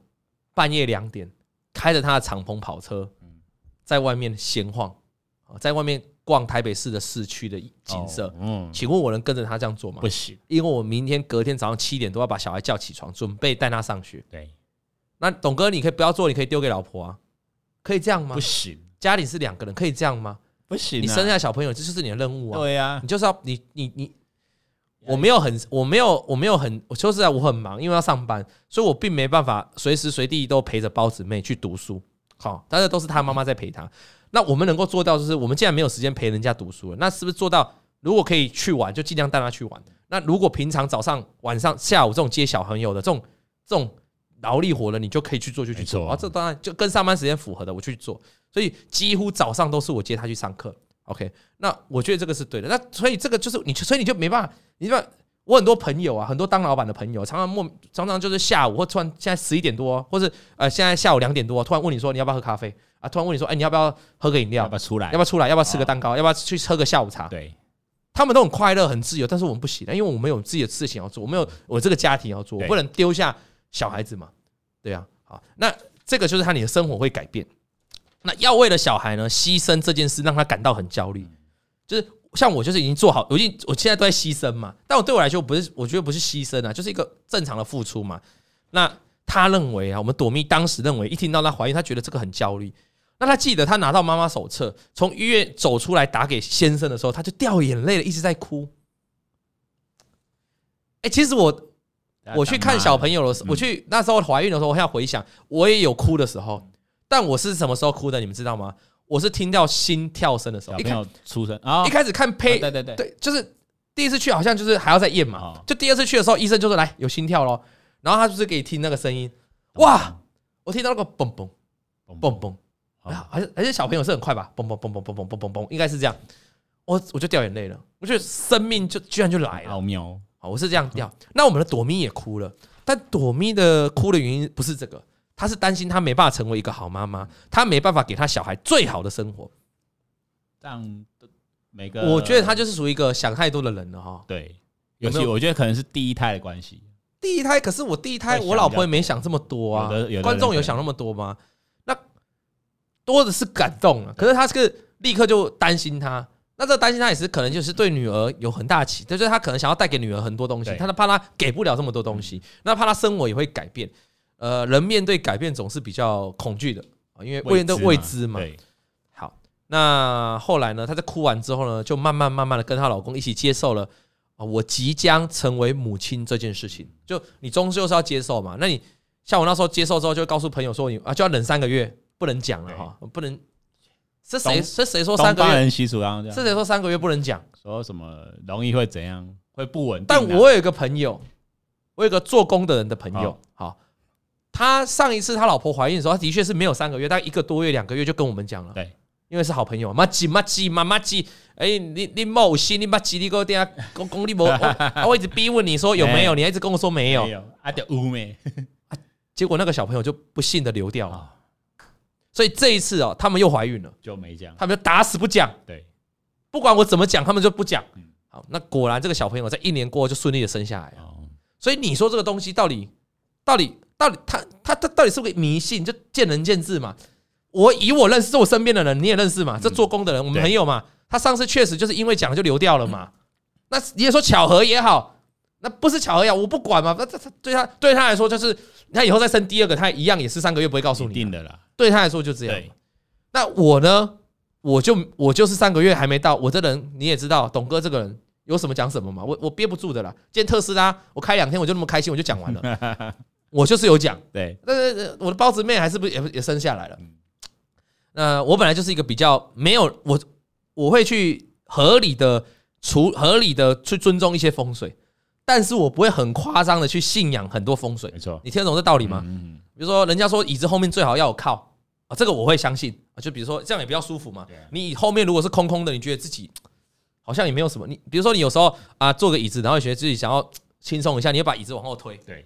半夜兩點開着他的敞篷跑車，在外面閒晃在外面。逛台北市的市區的景色，嗯，請問我能跟着他這樣做嗎？不行，因為我明天隔天早上七點都要把小孩叫起床，準備帶他上學。對，那董哥，你可以不要做，你可以丟給老婆啊，可以這樣嗎？不行，家裡是兩個人，可以這樣嗎？不行，你生下小朋友，這就是你的任務啊。對呀，你就是要你你你，我沒有很，我沒有，我沒有很，我就是在我很忙，因為要上班，所以我並沒辦法隨時隨地都陪着包子妹去讀書。好，大家都是他媽媽在陪他、嗯。那我們能夠做到，就是我們既然沒有時間陪人家讀書了，那是不是做到，如果可以去玩，就盡量帶他去玩。那如果平常早上、晚上、下午這種接小朋友的這種這種勞力活了，你就可以去做，就去做啊，啊。這當然就跟上班時間符合的，我去做。所以幾乎早上都是我接他去上課。OK，那我覺得這個是對的。那所以這個就是你，所以你就沒辦法，你就把。我很多朋友啊，很多當老闆的朋友，常常莫常常就是下午或突然現在十一點多，或是呃現在下午兩點多，突然問你說你要不要喝咖啡啊？突然問你說哎、欸、你要不要喝個飲料？要不要出來？要不要出來？哦、要不要吃個蛋糕？哦、要不要去喝個下午茶？對，他們都很快樂，很自由，但是我們不行，因為我們有自己的事情要做，我們有我這個家庭要做，嗯、我不能丟下小孩子嘛，對啊，好，那這個就是他你的生活會改變，那要為了小孩呢犧牲這件事，讓他感到很焦慮，就是。像我就是已經做好，我其我現在都在犧牲嘛。但我對我來說不是，我覺得不是犧牲啊，就是一個正常的付出嘛。那他認為啊，我們朵蜜當時認為，一聽到她懷孕，她覺得這個很焦慮。那她記得，她拿到媽媽手冊，從醫院走出來打給先生的時候，她就掉眼淚了，一直在哭。哎，其實我我去看小朋友的時候，我去那時候懷孕的時候，我還要回想我也有哭的時候，但我是什麼時候哭的？你們知道嗎？我是聽到心跳聲的時候，出啊、哦，一開始看配、啊，對對對，對，就是第一次去好像就是還要再驗嘛、哦，就第二次去的時候，醫生就說來有心跳咯。然後他就是可以聽那個聲音，哇、嗯，我聽到那個嘣嘣嘣嘣，哎呀、啊，還是還是小朋友是很快吧，嘣嘣嘣嘣嘣嘣嘣嘣，應該是這樣，我我就掉眼淚了，我覺得生命就居然就來了，妙好妙，我是這樣掉，呵呵，那我們的朵咪也哭了，但朵咪的哭的原因不是這個。她是擔心她沒辦法成為一個好媽媽，她沒辦法給她小孩最好的生活。這樣，每個人我覺得她就是屬於一個想太多的人了哈。對，有沒有？尤其我覺得可能是第一胎的關係。第一胎，可是我第一胎，我老婆也沒想這麼多啊。觀眾有想那麼多嗎？那多的是感動啊。可是她是個立刻就擔心她。那這擔心她也是可能就是對女兒有很大期，就是她可能想要帶給女兒很多東西，她怕她給不了這麼多東西，那怕她生活也會改變。呃，人面對改變總是比較恐懼的，因為未知未知嘛對。好，那後來呢？她在哭完之後呢，就慢慢慢慢的跟她老公一起接受了、呃、我即將成為母親這件事情。就你終究是要接受嘛？那你像我那時候接受之後，就會告訴朋友說你啊，就要忍三個月，不能講了哈，不能。是誰是誰說三個月？是人習俗啊，是誰說三個月不能講？說什麼容易會怎樣？會不穩定？但我有一個朋友，我有一個做工的人的朋友。他上一次他老婆懷孕的時候，他的確是沒有三個月，但一個多月，兩個月就跟我們講了。對，因為是好朋友，嘛雞嘛雞嘛媽雞！哎、欸，你你冒心，你把雞你給 我電話，公你莫，我一直逼問你說有沒有，欸、你還一直跟我說沒有，阿、啊 啊，結果那個小朋友就不幸的流掉了。所以這一次哦，他們又懷孕了，就沒講，他們就打死不講。不管我怎麼講，他們就不講，嗯。好，那果然這個小朋友在一年過後就順利的生下來了，嗯。所以你說這個東西到底、嗯、到底？到底他他他到底是不是迷信，就見仁見智嘛。我以我認識是我身邊的人，你也認識嘛，這做工的人，我們朋友嘛，他上次確實就是因為講就流掉了嘛。那你也說巧合也好，那不是巧合呀，我不管嘛。那對他對他來說，就是他以後再生第二個，他一樣也是三個月不會告訴你。定的啦，對他來說就這樣。那我呢，我就我就是三個月還沒到，我這人你也知道，董哥這個人有什麼講什麼嘛，我我憋不住的啦。今天特斯拉，我開兩天我就那麼開心，我就講完了。 我就是有講，對，我的包子妹還是不是也也生下來了？那我本來就是一個比較沒有我，我會去合理的處合理的去尊重一些風水，但是我不會很誇張的去信仰很多風水。沒錯，你聽得懂這道理嗎？比如說，人家說椅子後面最好要有靠啊，這個我會相信啊。就比如說這樣也比較舒服嘛。你後面如果是空空的，你覺得自己好像也沒有什麼。你比如說，你有時候啊，坐個椅子，然後覺得自己想要輕鬆一下，你要把椅子往後推。對。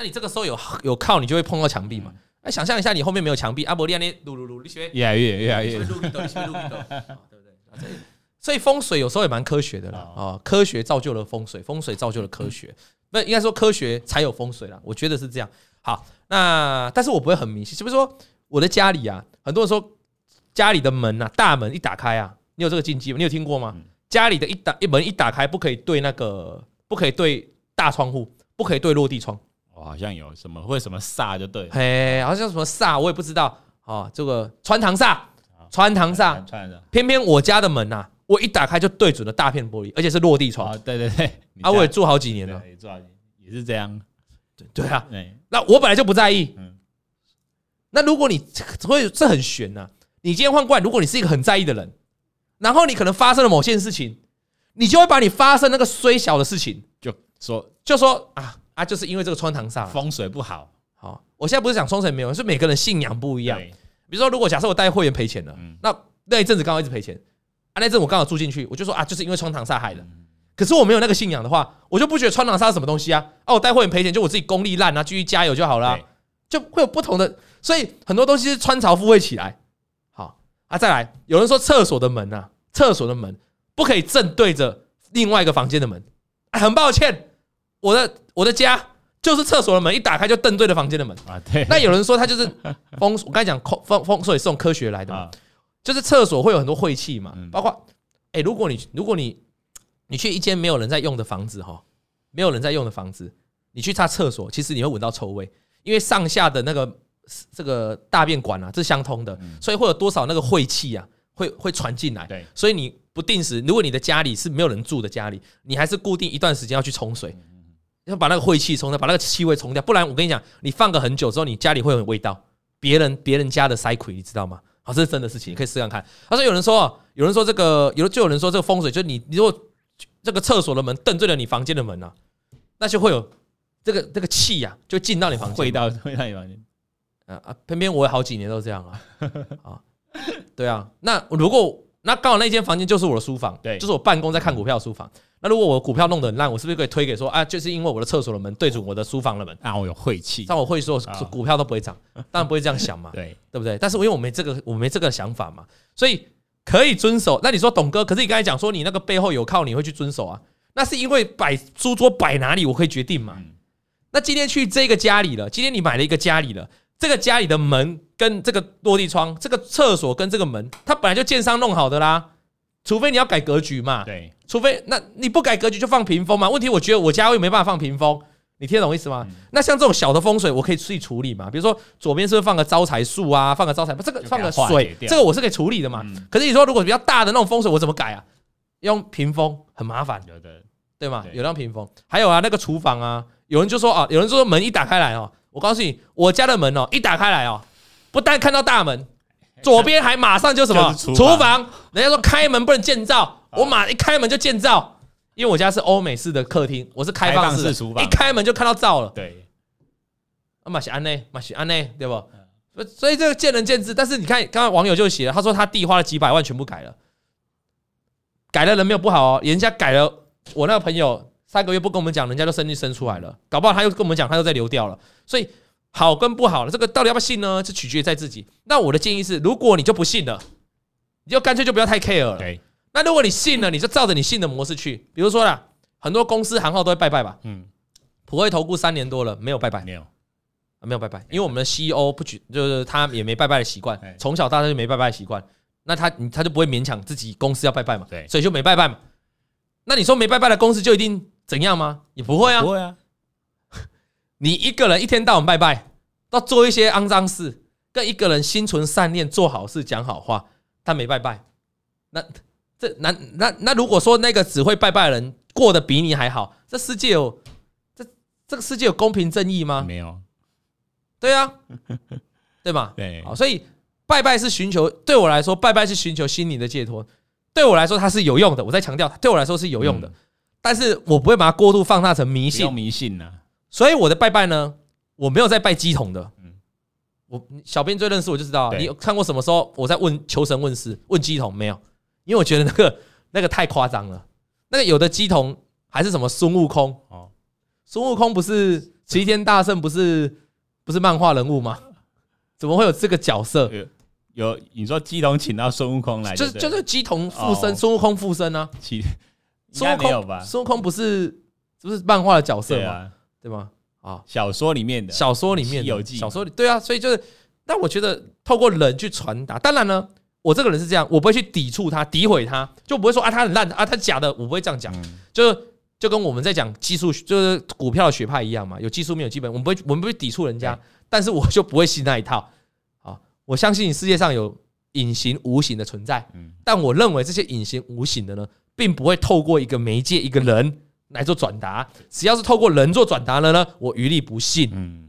那你這個時候有有靠，你就會碰到牆壁嘛？那想象一下，你後面沒有牆壁，阿伯利你越來越越來越，所以風水有時候也蠻科學的啦啊！科學造就了風水，風水造就了科學。那應該說科學才有風水啦。我覺得是這樣。好，那但是我不會很迷信，是不是說我的家裡啊，很多人說家裡的門吶、啊，大門一打開啊，你有這個禁忌嗎？你有聽過嗎？家裡的一打一門一打開，不可以對那個，不可以對大窗戶，不可以對落地窗。好像有什麼會什麼煞就對，嘿，好像什麼煞我也不知道啊。這個穿堂煞，啊、穿堂煞、啊穿，偏偏我家的門吶、啊，我一打開就對準了大片玻璃，而且是落地窗。啊、對對對，啊，我也住好幾年了，也住好幾年，也是這樣。對，對啊對，那我本來就不在意。嗯、那如果你會這很玄吶、啊。你今天換過來，如果你是一個很在意的人，然後你可能發生了某件事情，你就會把你發生那個衰小的事情，就說就說啊。啊，就是因為這個穿堂煞風水不好。好，我現在不是講風水沒有，是每個人信仰不一樣。比如說，如果假設我帶會員賠錢了，那那一陣子剛好一直賠錢、嗯，啊，那陣子我剛好住進去，我就說啊，就是因為穿堂煞害的、嗯。可是我沒有那個信仰的話，我就不覺得穿堂煞是什麼東西啊。哦、啊，我帶會員賠錢，就我自己功力爛啊，繼續加油就好了、啊，就會有不同的。所以很多東西是穿鑿附會起來。好啊，再來有人說廁所的門啊，廁所的門不可以正對着另外一個房間的門、啊。很抱歉。我的我的家就是廁所的門一打開就瞪對着房間的門啊，對。那有人說他就是風 我剛才講風風風水是從科學來的嘛，嘛、啊。就是廁所會有很多晦氣嘛、嗯，包括哎、欸，如果你如果你你去一間沒有人在用的房子哈，沒有人在用的房子，你去上廁所，其實你會聞到臭味，因為上下的那個這個大便管啊，這是相通的，嗯、所以會有多少那個晦氣啊，會會傳進來。所以你不定時，如果你的家裡是沒有人住的家裡，你還是固定一段時間要去沖水。嗯要把那個晦氣沖掉，把那個氣味沖掉，不然我跟你講，你放個很久之後，你家裡會有味道，別人別人家的塞葵，你知道嗎？好，這是真的事情，你可以試看看。而、啊、且有人說啊，有人說這個，有就有人說這個風水，就是你，你如果這個廁所的門蹬對了你房間的門啊，那就會有這個這個氣呀、啊，就進到你房間，味道會到你房間。啊啊，偏偏我好幾年都這樣啊啊， 對啊，那如果。那剛好那間房間就是我的書房，對，就是我辦公在看股票的書房。那如果我股票弄得很爛，我是不是可以推給說啊，就是因為我的廁所的門對準我的書房的門啊，我有晦氣。那我會說股票都不會漲，啊，當然不會這樣想嘛，對，對不對？但是因為我沒這個，我沒這個想法嘛，所以可以遵守。那你說董哥，可是你剛才講說你那個背後有靠，你會去遵守啊？那是因為擺書桌擺哪裡，我可以決定嘛，嗯。那今天去這個家裡了，今天你買了一個家裡了，這個家裡的門。跟這個落地窗，這個廁所跟這個門，它本來就建商弄好的啦。除非你要改格局嘛，對。除非，那你不改格局就放屏風嘛？問題我覺得我家又沒辦法放屏風，你聽得懂我意思嗎？嗯，那像這種小的風水，我可以去處理嘛。比如說左邊是不是放個招財樹啊，放個招財，不這個放個水，這個我是可以處理的嘛，嗯。可是你說如果比較大的那種風水，我怎麼改啊？用屏風很麻煩，有的對嗎？對有那種屏風。還有啊，那個廚房啊，有人就說啊，有人就說門一打開來哦，我告訴你，我家的門哦一打開來哦。不但看到大門，左邊還馬上就什麼廚房？人家說開門不能見灶，我馬一開門就見灶，因為我家是歐美式的客廳，我是開放式廚房，一開門就看到灶了。對，馬西安內，馬西安內，對不？所以這個見仁見智。但是你看，剛剛網友就寫，他說他弟花了幾百萬全部改了，改了人沒有不好哦。人家改了，我那個朋友三個月不跟我們講，人家就生意生出來了，搞不好他又跟我們講，他又在流掉了。所以。好跟不好的，這個到底要不要信呢？是取決於在自己。那我的建議是，如果你就不信了，你就乾脆就不要太 care 了、okay. 那如果你信了，你就照着你信的模式去。比如說啦，很多公司行號都會拜拜吧。嗯，普惠投顧三年多了，沒有拜拜，沒有，啊、沒有拜拜，因為我們的 CEO 不舉，就是他也沒拜拜的習慣，從、okay. 小到大就沒拜拜的習慣，那他，他就不會勉強自己公司要拜拜嘛。對，所以就沒拜拜嘛。那你說沒拜拜的公司就一定怎樣嗎？也不會啊，不會啊。你一個人一天到晚拜拜，都做一些骯髒事，跟一個人心存善念做好事講好話，他沒拜拜，那這那那那如果說那個只會拜拜的人過得比你還好，這世界有這這個世界有公平正義嗎？沒有。對啊， 對吧？對。好，所以拜拜是尋求對我來說，拜拜是尋求心理的解脫。對我來說，它是有用的。我再強調，對我來說是有用的，嗯、但是我不會把它過度放大成迷信，迷信呢、啊？所以我的拜拜呢，我沒有在拜乩童的、嗯。我小編最認識，我就知道，啊、你看過什麼時候我在問求神問事問乩童沒有？因為我覺得那個那個太誇張了。那個有的乩童還是什麼孫悟空哦？孫悟空不是齊天大聖？不是不是漫畫人物嗎？怎麼會有這個角色、呃？有你說乩童請到孫悟空來，就是就，就是乩童附身孫、哦、悟空附身啊？孫悟空沒有吧？孫悟空不是不是漫畫的角色嗎、呃？對嗎？啊、哦，小說裡面的，小說裡面，《西遊記》，小說裡，對啊，所以就是，但我覺得透過人去傳達。當然呢，我這個人是這樣，我不會去抵觸他、詆毀他，就不會說啊，他很爛啊，他假的，我不會這樣講、嗯。就就跟我們在講技術，就是股票的學派一樣嘛，有技術沒有基本，我們不會，我們不會抵觸人家，但是我就不會信那一套啊、哦。我相信世界上有隱形無形的存在，嗯，但我認為這些隱形無形的呢，並不會透過一個媒介、一個人。嗯來做轉達，只要是透過人做轉達了呢，我餘力不信。嗯，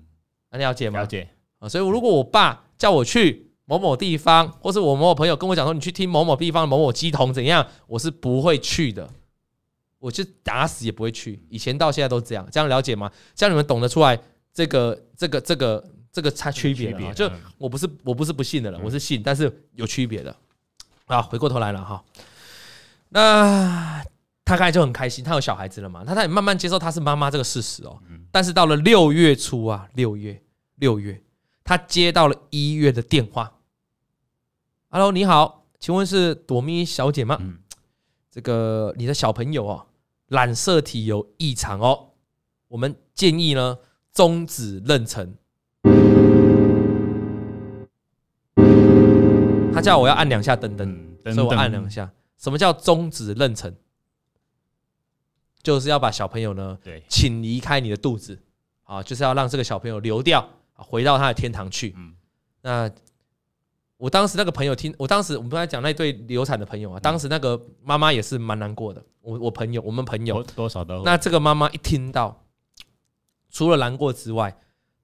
了解嗎？了解啊。所以如果我爸叫我去某某地方，或是我某某朋友跟我講說，你去聽某某地方某某乩童怎樣，我是不會去的，我就打死也不會去。以前到現在都這樣，這樣了解嗎？這樣你們懂得出來，這個，這個這個這個這個差區別、啊、就我不是我不是不信的人，我是信，但是有區別的。好，回過頭來了哈，那。他應就很開心，他有小孩子了嘛？他他也慢慢接受他是媽媽這個事實哦。嗯、但是到了六月初啊，六月六月，他接到了醫院的電話：“Hello，你好，請問是朵咪小姐嗎？嗯、這個你的小朋友哦，染色體有異常哦，我們建議呢終止妊娠。嗯”他叫我要按兩下噔噔、嗯。所以我按兩下。什麼叫終止妊娠？就是要把小朋友呢，請離開你的肚子啊！就是要讓這個小朋友流掉，回到他的天堂去。嗯、那我當時那個朋友聽，我當時我們剛才講那對流產的朋友啊，當時那個媽媽也是蠻難過的。我我朋友，我們朋友多少都。那這個媽媽一聽到，除了難過之外，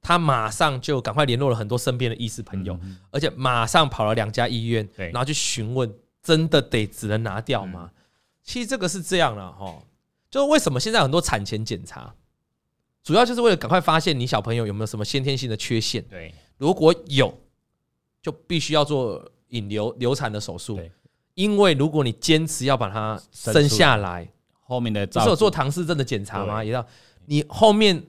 她馬上就趕快聯絡了很多身邊的醫師朋友、嗯，而且馬上跑了兩家醫院，然後去詢問，真的得只能拿掉嗎？嗯、其實這個是這樣的哈。那為什麼現在很多產前檢查，主要就是為了趕快發現你小朋友有沒有什麼先天性的缺陷？對，如果有，就必須要做引流、流產的手術。因為如果你堅持要把它生下來，後面的照，不是有做唐氏症的檢查嗎？你知道，你後面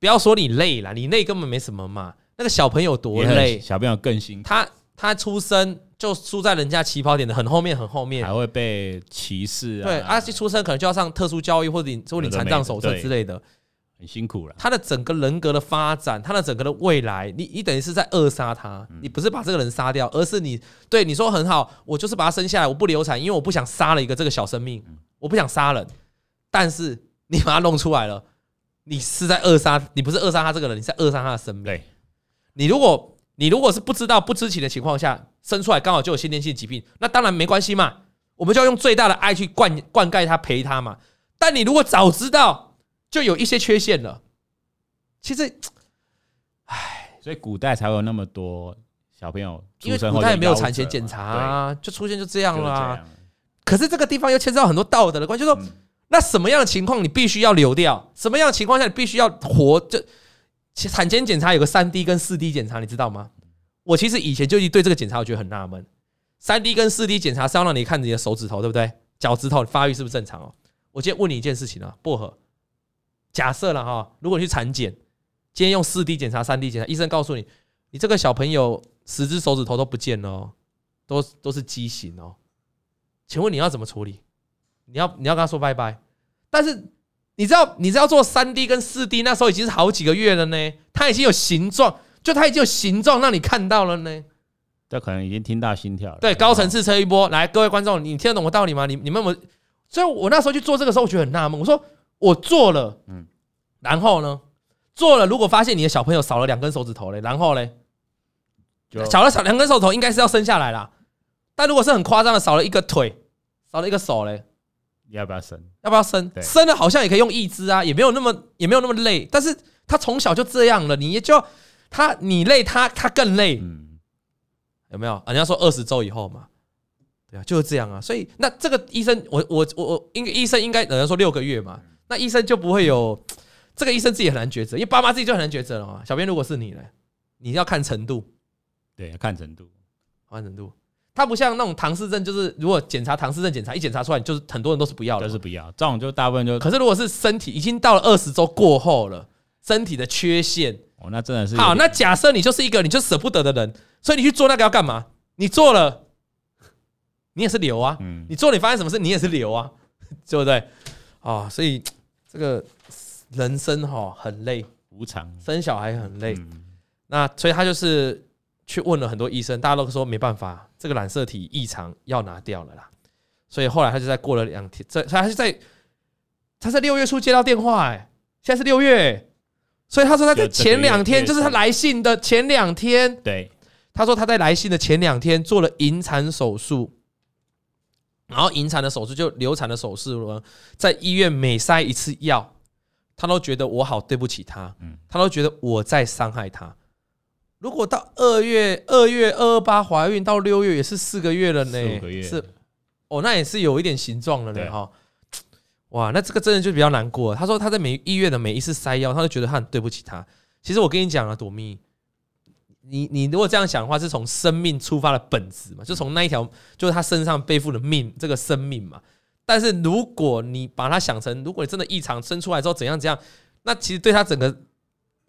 不要說你累了，你累根本沒什麼嘛。那個小朋友多累，小朋友更辛苦，他他出生，就輸在人家起跑點的很後面，很後面，還會被歧視、啊。對，阿、啊、一出生可能就要上特殊教育，或者你或者你殘障手冊之類的，很辛苦了。他的整個人格的發展，他的整個的未來，你你等於是在扼殺他、嗯。你不是把這個人殺掉，而是你對你說很好，我就是把他生下來，我不流產，因為我不想殺了一個這個小生命，嗯、我不想殺人。但是你把他弄出來了，你是在扼殺，你不是扼殺他這個人，你在扼殺他的生命。對。你如果你如果是不知道、不知情的情況下生出來，剛好就有先天性疾病，那當然沒關係嘛，我們就要用最大的愛去灌灌溉他、陪他嘛。但你如果早知道，就有一些缺陷了。其實，唉，所以古代才有那麼多小朋友出生後夭折。因為古代也沒有產前檢查啊，對，就出現就這樣啦、啊就是。可是這個地方又牽涉到很多道德的關係，就是、說、嗯、那什麼樣的情況你必須要流掉？什麼樣的情況下你必須要活？就？產前檢查有個三 D 跟四 D 檢查，你知道嗎？我其實以前就一直對這個檢查我覺得很納悶。三 D 跟四 D 檢查是要讓你看你的手指頭，對不對？腳趾頭發育是不是正常哦？我今天問你一件事情啊，薄荷。假設了哈，如果你去產檢，今天用四 D 檢查、三 D 檢查，醫生告訴你，你這個小朋友十隻手指頭都不見哦，都都是畸形哦。請問你要怎麼處理？你要你要跟他說拜拜？但是。你知道，你知道做三 D 跟四 D 那時候已經是好幾個月了呢。他已經有形狀，就他已經有形狀讓你看到了呢。這可能已經聽到心跳了。對，高層次吹一波，嗯，來，各位觀眾，你聽得懂我道理嗎？你你們有沒有，所以我那時候去做這個時候，我覺得很納悶。我說我做了，嗯，然後呢，做了，如果發現你的小朋友少了兩根手指頭嘞，然後嘞，少了少兩根手指頭應該是要生下來啦。但如果是很誇張的少了一個腿，少了一個手嘞？你要不要生？要不要生？生了好像也可以用義肢啊，也沒有那麼也沒有那麼累。但是他從小就這樣了，你就他你累他他更累、嗯，有沒有？人家說二十周以後嘛，對啊，就是這樣啊。所以那這個醫生，我我我我，因醫生應該有人說六個月嘛、嗯，那醫生就不會有這個醫生自己很難抉擇，因為爸媽自己就很難抉擇了嘛。小編如果是你呢？你要看程度，對，要看程度，看程度。它不像那種唐氏症，就是如果檢查唐氏症檢查一檢查出來，就是很多人都是不要的。都是不要。這種就大部分就，可是如果是身體已經到了二十周過後了，身體的缺陷哦，那真的是好。那假設你就是一個你就捨不得的人，所以你去做那個要幹嘛？你做了，你也是流啊。你做了你發生什麼事，你也是流啊，嗯、 對不對？啊、哦，所以這個人生哈很累，無常，生小孩很累。嗯、那所以他就是。去問了很多醫生，大家都說沒辦法，這個染色體異常要拿掉了啦。所以後來他就再過了兩天，以他就在，他在六月初接到電話、欸，哎，現在是六月，所以他說他在前兩天，就，就是他來信的前兩天，對，他說他在來信的前兩天做了引產手術，然後引產的手術就流產的手術了，在醫院每塞一次藥，他都覺得我好對不起他，他都覺得我在傷害他。嗯，他如果到二月二月二八懷孕，到六月也是四個月了呢，四個月是哦，那也是有一點形狀了呢哈、哦。哇，那這個真的就比較難過。他說他在每一月的每一次塞藥，他就覺得他很對不起他。其實我跟你講啊，朵蜜，你你如果這樣想的話，是從生命出發的本質嘛，就從那一條就是他身上背負的命，這個生命嘛。但是如果你把它想成，如果你真的異常生出來之後怎樣怎樣，那其實對他整個。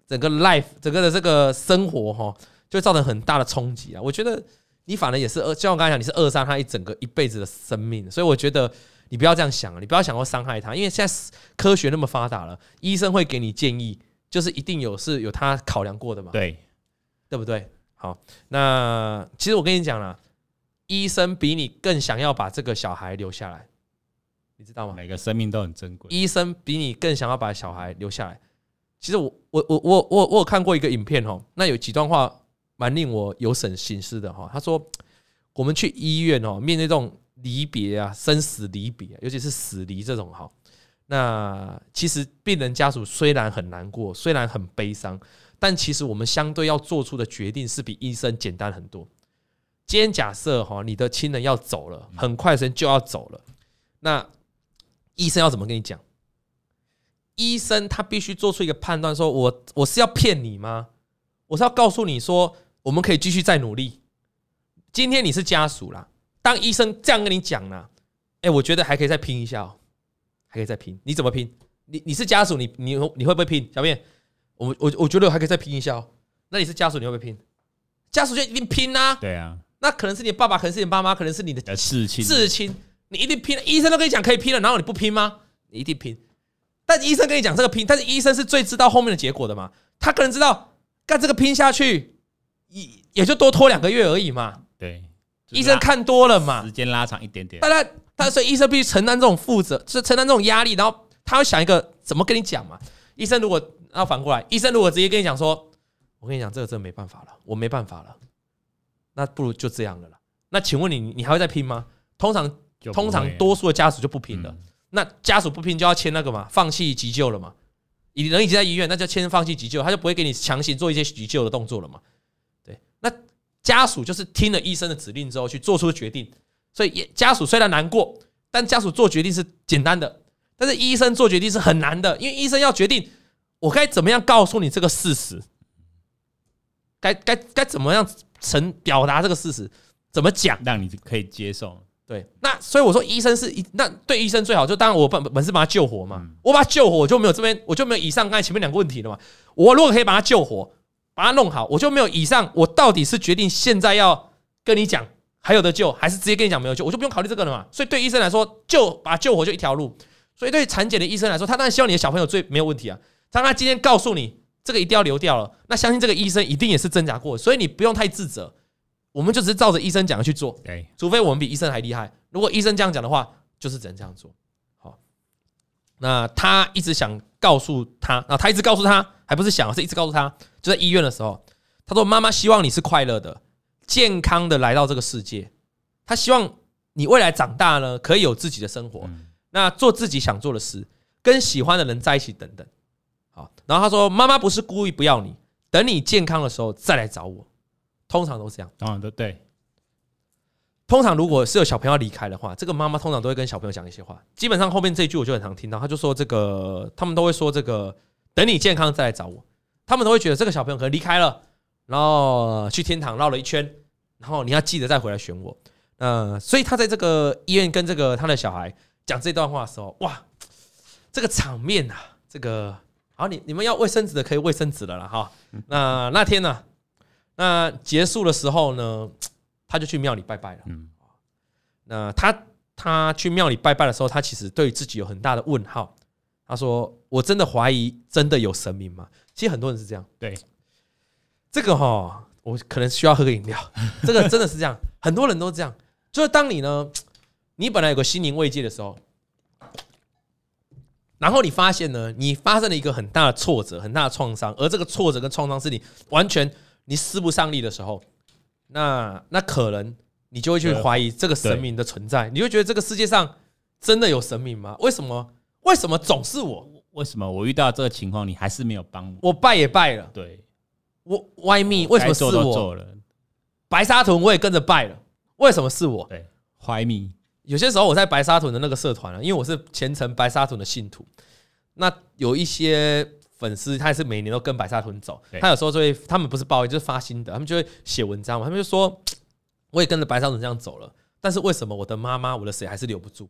整個 life 整個的這個生活哈，就會造成很大的衝擊啊！我覺得你反而也是扼，就像我剛才講，你是扼殺他一整個一輩子的生命，所以我覺得你不要這樣想啊，你不要想過傷害他，因為現在科學那麼發達了，醫生會給你建議，就是一定有是有他考量過的嘛，對，對不對？好，那其實我跟你講了，醫生比你更想要把這個小孩留下來，你知道嗎？每個生命都很珍貴，醫生比你更想要把小孩留下來。其實我我我我我我有看過一個影片哦，那有幾段話蠻令我有省心思的哈、哦。他說，我們去醫院哦，面對這種離別啊、生死離別、啊，尤其是死離這種哈、哦，那其實病人家屬雖然很難過，雖然很悲傷，但其實我們相對要做出的決定是比醫生簡單很多。今天假設哈，你的親人要走了，很快時間就要走了，那醫生要怎麼跟你講？醫生他必須做出一個判斷，說我我是要騙你嗎？我是要告訴你說，我們可以繼續再努力。今天你是家屬啦，當醫生這樣跟你講啦，哎、欸，我覺得還可以再拼一下哦、喔，還可以再拼。你怎麼拼？你你是家屬，你你你會不會拼？小編，我我我覺得我還可以再拼一下哦、喔。那你是家屬，你會不會拼？家屬就一定拼啦、啊。對啊，那可能是你爸爸，可能是你媽媽，可能是你的至親，至親，你一定拼。醫生都可以講可以拼了，然後你不拼嗎？你一定拼。但醫生跟你講這個拼，但是醫生是最知道後面的結果的嘛？他可能知道幹這個拼下去，也也就多拖兩個月而已嘛。對，醫生看多了嘛，時間拉長一點點。當然，當然，所以醫生必須承擔這種負責，是承擔這種壓力，然後他會想一個怎麼跟你講嘛。醫生如果那反過來，醫生如果直接跟你講說：“我跟你講這個真的沒辦法了，我沒辦法了，那不如就這樣了了。”那請問你，你還會再拼嗎？通常，通常多數的家屬就不拼了。那家屬不拼就要簽那個嘛，放棄急救了嘛？你人已經在醫院，那就簽放棄急救，他就不會給你強行做一些急救的動作了嘛？對，那家屬就是聽了醫生的指令之後去做出決定，所以家屬雖然難過，但家屬做決定是簡單的，但是醫生做決定是很難的，因為醫生要決定我該怎麼樣告訴你這個事實，該該該怎麼樣呈表達這個事實，怎麼講讓你可以接受。對，那所以我說醫生是一那對醫生最好，就當然我本本是把他救活嘛，嗯，我把他救活，我就沒有這邊，我就沒有以上剛才前面兩個問題了嘛。我如果可以把他救活，把他弄好，我就沒有以上，我到底是決定現在要跟你講還有得救，還是直接跟你講沒有救，我就不用考慮這個了嘛。所以對醫生來說，救把他救活就一條路。所以對產檢的醫生來說，他當然希望你的小朋友最沒有問題啊他。當他今天告訴你這個一定要流掉了，那相信這個醫生一定也是掙扎過，所以你不用太自責。我們就只是照着醫生講的去做，對，除非我們比醫生還厲害。如果醫生這樣講的話，就是只能這樣做。好，那他一直想告訴他，那他一直告訴他，還不是想，是一直告訴他。就在醫院的時候，他說：“媽媽希望你是快樂的、健康的來到這個世界。他希望你未來長大了可以有自己的生活、嗯，那做自己想做的事，跟喜歡的人在一起，等等。”好，然後他說：“媽媽不是故意不要你，等你健康的時候再來找我。”通常都是這樣啊，都對。通常如果是有小朋友要離開的話，這個媽媽通常都會跟小朋友講一些話。基本上後面這一句我就很常聽到，他就說這個，他們都會說這個，等你健康再來找我。他們都會覺得這個小朋友可能離開了，然後去天堂繞了一圈，然後你要記得再回來選我。呃，所以他在這個醫院跟這個他的小孩講這段話的時候，哇，這個場面啊，這個，好，你你們要衛生紙的可以衛生紙的啦。哈。那那天呢、啊？那結束的時候呢，他就去廟裡拜拜了。嗯，那他他去廟裡拜拜的時候，他其實對自己有很大的問號。他說：“我真的懷疑，真的有神明嗎？”其實很多人是這樣。對，這個哈，我可能需要喝個飲料。 這個真的是這樣，很多人都這樣。就是當你呢，你本來有個心靈慰藉的時候，然後你發現呢，你發生了一個很大的挫折，很大的創傷，而這個挫折跟創傷是你完全。你使不上力的時候，那那可能你就會去懷疑這個神明的存在，你就覺得這個世界上真的有神明嗎？為什麼？為什麼總是我？為什麼我遇到這個情況，你還是沒有幫我？我拜也拜了，對，我 Why me？我做做為什麼是我？白沙屯我也跟着拜了，為什麼是我？對，Why me？有些時候我在白沙屯的那個社團呢、啊，因為我是虔誠白沙屯的信徒，那有一些。粉絲他也是每年都跟白沙屯走，他有時候就會，他們不是抱怨就是發心得，他們就會寫文章嘛，他們就說，我也跟着白沙屯這樣走了，但是為什麼我的媽媽我的誰還是留不住？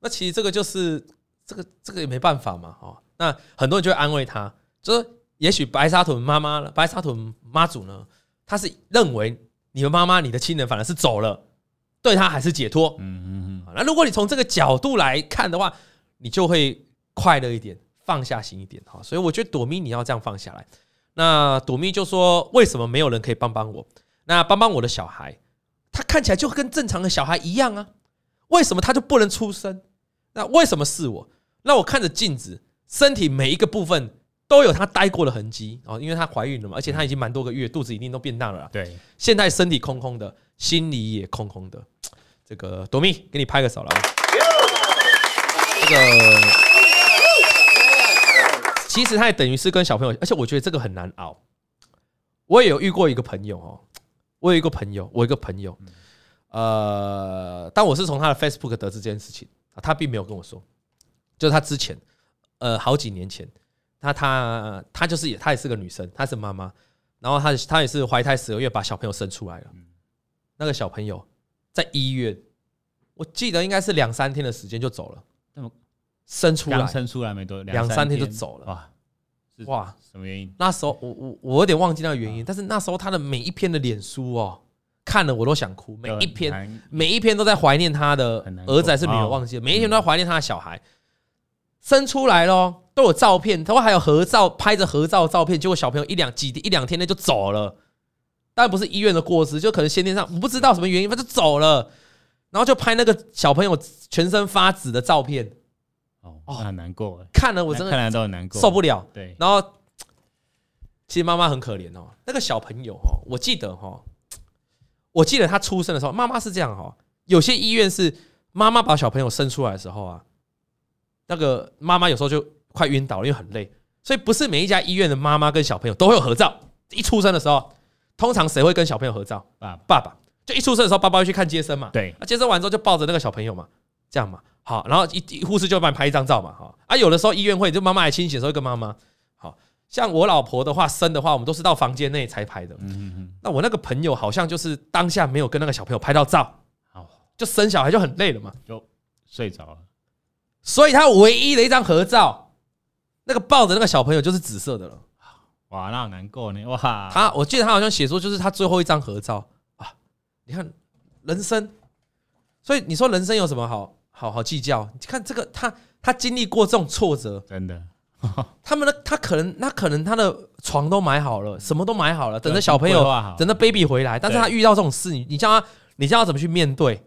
那其實這個就是這個這個也沒辦法嘛，哦，那很多人就會安慰他，就是說也許白沙屯媽媽，白沙屯媽祖呢，他是認為你的媽媽你的親人反而是走了，對他還是解脫，嗯嗯嗯，那如果你從這個角度來看的話，你就會快樂一點。放下心一點哈，所以我覺得朵咪，你要這樣放下來。那朵咪就說：“為什麼沒有人可以幫幫我？那幫幫我的小孩，他看起來就跟正常的小孩一樣啊，為什麼他就不能出生？那為什麼是我？那我看着鏡子，身體每一個部分都有他待過的痕跡哦，因為他懷孕了嘛，而且他已經蠻多個月，肚子一定都變大了。對，現在身體空空的，心裡也空空的。這個朵咪，給你拍個手了。這個。其實他也等於是跟小朋友，而且我覺得這個很難熬。我也有遇過一個朋友哦、喔，我有一個朋友，我一個朋友，呃，但我是從他的 Facebook 得知這件事情，他並沒有跟我說，就是他之前，呃，好幾年前，他他他就是也他也是個女生，她是媽媽，然後她她也是懷胎十二月把小朋友生出來了，那個小朋友在醫院，我記得應該是兩三天的時間就走了。生出來，生出來沒多久，兩三天就走了，哇，哇，什麼原因？那時候我我我有點忘記那個原因，哦，但是那時候他的每一篇的臉書哦，看了我都想哭，每一篇，嗯，每一篇都在懷念他的兒子還是女兒，忘記了，哦，每一天都在懷念他的小孩，嗯。生出來咯，都有照片，他會還有合照，拍着合照的照片，結果小朋友一兩幾一兩天內就走了，當然不是醫院的過失，就可能先天上我不知道什麼原因，他就走了，然後就拍那個小朋友全身發紫的照片。哦，很難過。看了我真的受不了，看來都很難過，受不了。對，然後其實媽媽很可憐哦。那個小朋友哦，我記得哦，我記得他出生的時候，媽媽是這樣哈、哦。有些醫院是媽媽把小朋友生出來的時候啊，那個媽媽有時候就快暈倒了，因為很累。所以不是每一家醫院的媽媽跟小朋友都會有合照。一出生的時候，通常誰會跟小朋友合照啊？爸爸，爸，爸就一出生的時候，爸爸會去看接生嘛？對，接生完之後就抱着那個小朋友嘛，這樣嘛。好，然後一一，護士就幫你拍一張照嘛，好，啊，有的時候醫院會就媽媽還清醒的時候，會跟媽媽，好像我老婆的話生的話，我們都是到房間內才拍的。嗯嗯嗯。那我那個朋友好像就是當下沒有跟那個小朋友拍到照，好、哦、就生小孩就很累了嘛，就睡着了。所以他唯一的一張合照，那個抱着那個小朋友就是紫色的了。哇，那好難過呢。哇，他我記得他好像寫說就是他最後一張合照啊。你看人生，所以你說人生有什麼好？好好計較，你看這個，他他經歷過這種挫折，真的。他們的他可能他可能他的床都買好了，什麼都買好了，等着小朋友，等着 baby 回來。但是他遇到這種事，你你叫他，你叫他怎麼去面對？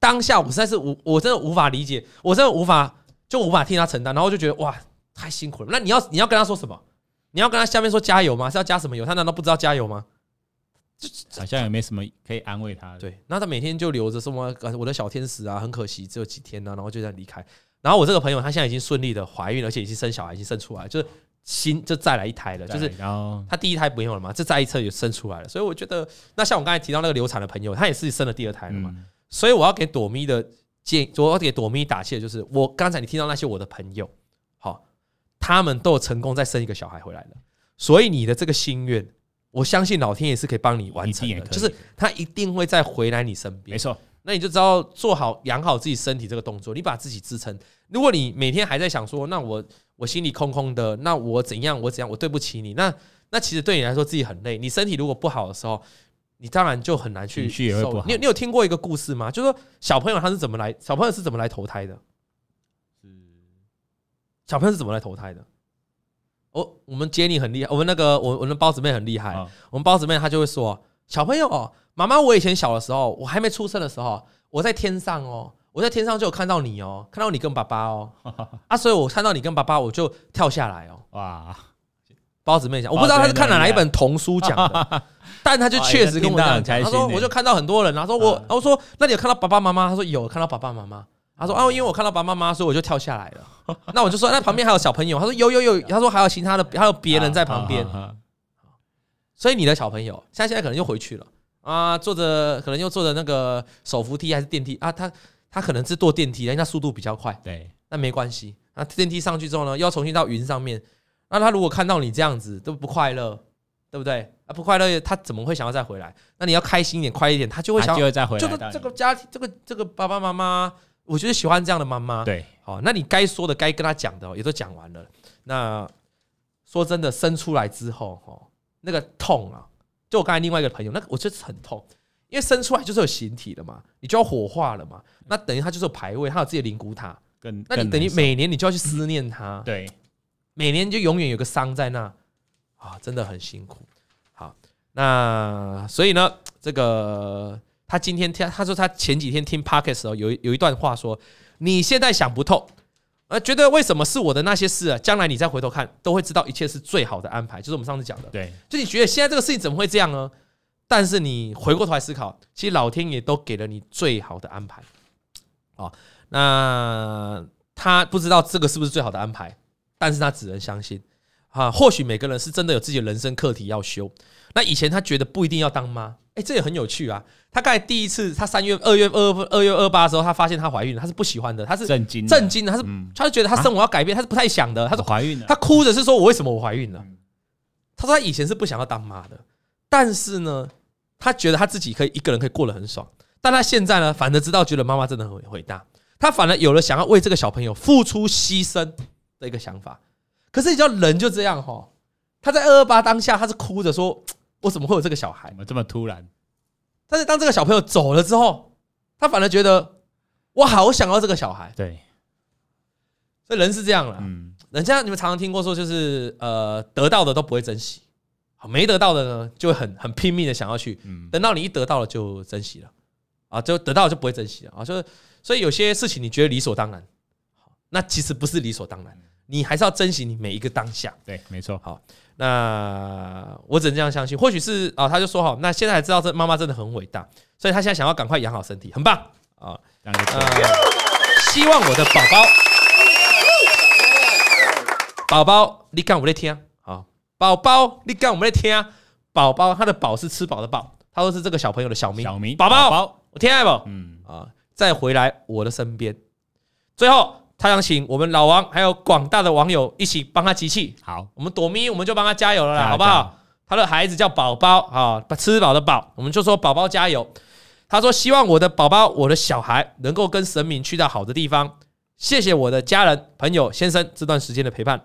當下我實在是無，我真的無法理解，我真的無法，就無法替他承擔。然後就覺得哇，太辛苦了。那你要你要跟他說什麼？你要跟他下面說加油嗎？是要加什麼油？他難道不知道加油嗎？就好像也沒什麼可以安慰他。對，那他每天就留着什麼我的小天使啊，很可惜只有幾天呢、啊，然後就這樣離開。然後我這個朋友，他現在已經順利的懷孕，而且已經生小孩，已經生出來，就是新就再來一胎了。就是他第一胎不用了嘛，這再一次也生出來了。所以我覺得，那像我剛才提到那個流產的朋友，他也是生了第二胎了嘛。嗯、所以我要給朵咪的建議，我要給朵咪打氣的就是，我剛才你聽到那些我的朋友，好，他們都有成功再生一個小孩回來了。所以你的這個心願。我相信老天也是可以幫你完成的，就是他一定會再回來你身邊。沒錯，那你就知道做好養好自己身體這個動作，你把自己支撐。如果你每天還在想說，那我我心裡空空的，那我怎樣？我怎樣？我對不起你。那那其實對你來說自己很累。你身體如果不好的時候，你當然就很難去。情緒也會不好。你有你你有聽過一個故事嗎？就是說小朋友他是怎麼來，小朋友是怎麼來投胎的？是小朋友是怎麼來投胎的？我我們接你很厲害，我們那個我我的包子妹很厲害，哦、我們包子妹她就會說小朋友，哦，媽媽我以前小的時候，我還沒出生的時候，我在天上哦，我在天上就有看到你哦，看到你跟爸爸哦，哈哈啊，所以我看到你跟爸爸我就跳下來哦。哇，包子妹講，我不知道她是看了哪一本童書講的，但她就確實、啊、跟我講，她說我就看到很多人，她說我，嗯、然後我說那你有看到爸爸媽媽？她說有，我看到爸爸媽媽。他說、啊：“因為我看到爸爸媽媽，所以我就跳下來了。 那我就說，那旁邊還有小朋友。”他說：“有有有。有。”他說：“還有其他的，還有別人在旁邊。啊啊啊啊”所以你的小朋友，他現在可能又回去了啊，坐着可能又坐着那個手扶梯還是電梯啊？他他可能是坐電梯，因為他速度比較快。對，那沒關係。那電梯上去之後呢，又要重新到雲上面。那他如果看到你這樣子都不快樂，對不對？啊，不快樂，他怎麼會想要再回來？那你要開心一點，快一點，他就會想要就會再回來。就是這個家庭，這個這個爸爸媽媽。我覺得喜歡這樣的媽媽，對，好，那你該說的、該跟她講的也都講完了。那說真的，生出來之後，哈，那個痛啊，就我剛才另外一個朋友，那個我就是很痛，因為生出來就是有形體了嘛，你就要火化了嘛，那等於她就是有牌位，她有自己的靈骨塔，那你等於每年你就要去思念她，對，每年就永遠有個傷在那啊，真的很辛苦。好，那所以呢，這個。他今天聽他說，他前幾天聽 Podcast 的時候有有一段話說：“你現在想不透，呃，覺得為什麼是我的那些事啊？將來你再回頭看，都會知道一切是最好的安排。”就是我們上次講的，對，就你覺得現在這個事情怎麼會這樣呢？但是你回過頭來思考，其實老天爺都給了你最好的安排。啊、哦，那他不知道這個是不是最好的安排，但是他只能相信啊。或許每個人是真的有自己的人生課題要修。那以前他覺得不一定要當媽。哎、欸，這也很有趣啊！他剛才第一次，他三月二月二二月二八的時候，他發現她懷孕了，他是不喜歡的，他是震驚的。他是，他是、嗯、他就覺得她生活要改變、啊，他是不太想的，他是懷孕的，他哭着是說：“我為什麼我懷孕了、嗯？”他說他以前是不想要當媽的，但是呢，他覺得他自己可以一個人可以過得很爽，但他現在呢，反而知道覺得媽媽真的很偉大，他反而有了想要為這個小朋友付出犧牲的一個想法。可是你知道人就這樣哈，他在二二八當下，他是哭着說。我怎麼會有這個小孩？怎麼這麼突然？但是當這個小朋友走了之後，他反而覺得我好想要這個小孩。對，所以人是這樣的。嗯，人家你們常常聽過說，就是呃，得到的都不會珍惜，沒得到的呢，就很很拼命的想要去。嗯。等到你一得到了就珍惜了啊，就得到就不會珍惜了啊。就是所以有些事情你覺得理所當然，那其實不是理所當然，你還是要珍惜你每一個當下。對，沒錯。好。那我只能這樣相信，或許是啊、哦，他就說好、哦。那現在還知道這媽媽真的很偉大，所以他現在想要趕快養好身體，很棒啊！啊、哦呃，希望我的寶寶，寶寶，你講我來聽啊！寶、哦、寶，你講我們來聽啊，寶寶，他的寶是吃飽的飽，他說是這個小朋友的小名。小名，寶寶，我聽愛不？嗯啊、哦，再回來我的身邊。最後。他想請我們老王還有廣大的網友一起幫他集氣。好，我們朵咪我們就幫他加油了啦，好不好？他的孩子叫寶寶啊，吃飽的飽，我們就說寶寶加油。他說希望我的寶寶，我的小孩能夠跟神明去到好的地方。謝謝我的家人、朋友、先生這段時間的陪伴。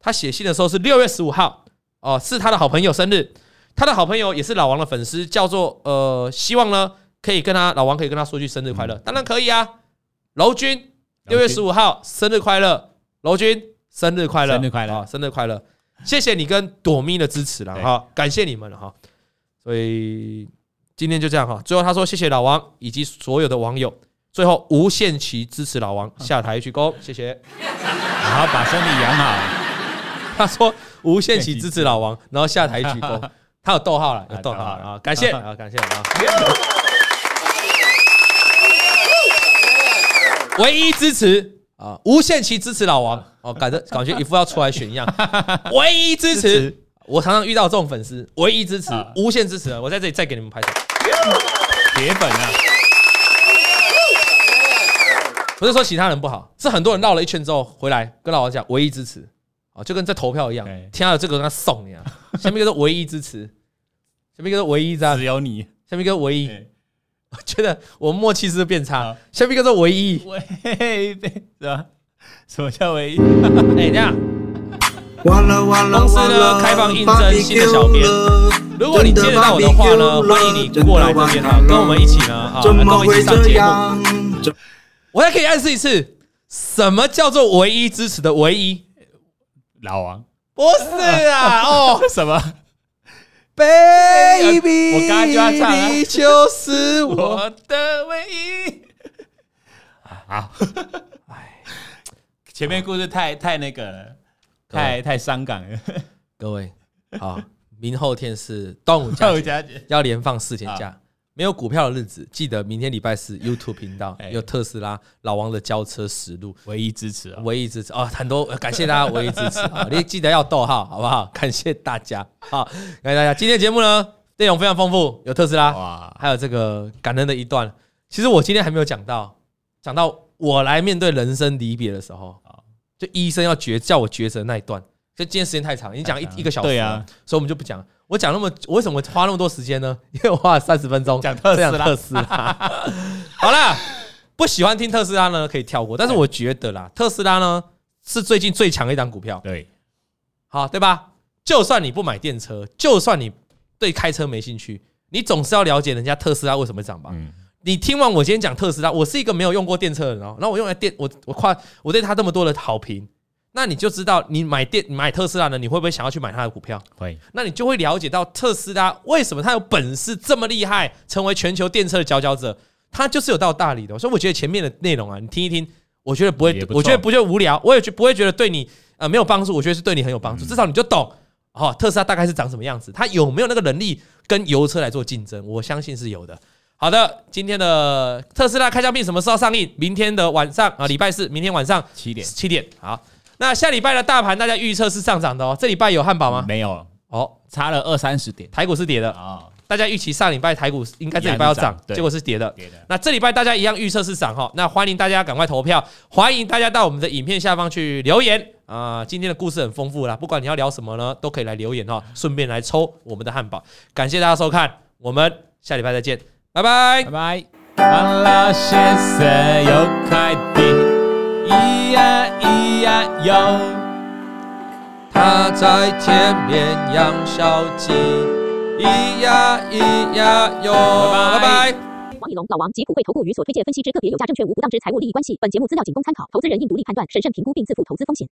他寫信的時候是六月十五號，哦，是他的好朋友生日。他的好朋友也是老王的粉絲，叫做呃，希望呢可以跟他老王可以跟他說句生日快樂，當然可以啊，樓君。六月十五號，生日快樂，羅君，生日快樂，生日快樂，生日快樂，哦、生日快樂 謝謝你跟朵咪的支持了哈、哦，感謝你們了哈、哦，所以今天就這樣哈。最後他說謝謝老王以及所有的網友，最後無限期支持老王下台鞠躬，謝謝，然 後把身體養好。 他說無限期支持老王，然後下台一鞠躬， 他有逗號了，有逗號了啊，感謝啊， 感謝啊。 唯一支持啊，無限期支持老王哦，感覺感覺一副要出來選一樣。唯一支持，我常常遇到這種粉絲，唯一支持，無限支持。我在這裡再給你們拍手，鐵粉啊，啊！不是說其他人不好，是很多人繞了一圈之後回來跟老王講唯一支持哦，就跟在投票一樣。聽到這個跟他送你啊，下面一個唯一支持，下面一個唯，唯一，只有你，下面一個唯一。我覺得我默契是變差，了。下面一個是唯一，對吧？什麼叫唯一？哎、欸，這樣。公司呢開放應徵新的小編，如果你接得到我的話呢的，歡迎你過來這邊哈、啊、跟我們一起呢會啊，都一起上節目。我還可以暗示一次，什麼叫做唯一支持的唯一？老王，不是啊？啊啊哦，什麼？Baby，我剛剛就要唱、啊、你就是我， 我的唯一、 啊。好、 哎，前面故事太太那個了，太太傷感了。 各位，好，明後天是端午節， 要連放四天假。沒有股票的日子，記得明天禮拜四 YouTube 頻道、欸、有特斯拉老王的交車實錄，唯一支持，唯一支持啊！唯一支持哦、很多感謝大家 唯一支持、哦，你記得要逗號，好不好？感謝大家，好，感謝大家。今天節目呢，內容非常豐富，有特斯拉，哇，還有這個感恩的一段。其實我今天還沒有講到，講到我來面對人生離別的時候啊，就醫生要抉叫我抉擇那一段，就今天時間太長，已經講一、啊、一個小時了、啊，所以我們就不講。我講那麼，我為什麼會花那麼多時間呢？因 為我花了三十分鐘講特斯拉。特斯拉 好啦，不喜歡聽特斯拉呢，可以跳過。但是我覺得啦，特斯拉呢是最近最強的一檔股票。對，好對吧？就算你不買電車，就算你對開車沒興趣，你總是要了解人家特斯拉為什麼漲吧、嗯？你聽完我今天講特斯拉，我是一個沒有用過電車的人哦、喔。那我用來電，我我誇我對它這麼多的好評。那你就知道，你買電買特斯拉呢，你會不會想要去買它的股票？會。那你就會了解到特斯拉為什麼它有本事這麼厲害，成為全球電車的佼佼者，它就是有到大理的。所以我覺得前面的內容啊，你聽一聽，我覺得不會，我覺得不覺得無聊，我也覺不會覺得對你呃沒有幫助，我覺得是對你很有幫助，至少你就懂。哦、嗯。特斯拉大概是長什麼樣子，它有沒有那個能力跟油車來做競爭？我相信是有的。好的，今天的特斯拉開箱片什麼時候上映？明天的晚上啊，禮拜四，明天晚上七點，七點。好。那下禮拜的大盤，大家預測是上漲的哦。這禮拜有漢堡嗎、嗯？沒有。哦，差了二三十點，台股是跌的啊、哦。大家預期上禮拜台股應該這禮拜要漲，漲，結果是跌的。跌的，那這禮拜大家一樣預測是漲哈、哦。那歡迎大家趕快投票，歡迎大家到我們的影片下方去留言啊、呃。今天的故事很豐富啦，不管你要聊什麼呢，都可以來留言哈、哦。順便來抽我們的漢堡。感謝大家收看，我們下禮拜再見，拜拜拜拜。拜拜咿呀喲，他在田邊養小雞。咿呀咿呀喲。拜拜拜拜。王以龍、老王及普惠投顧與所推薦分析之個別有價證券無不當之財務利益關係。本節目資料僅供參考，投資人應獨立判斷、審慎評估並自負投資風險。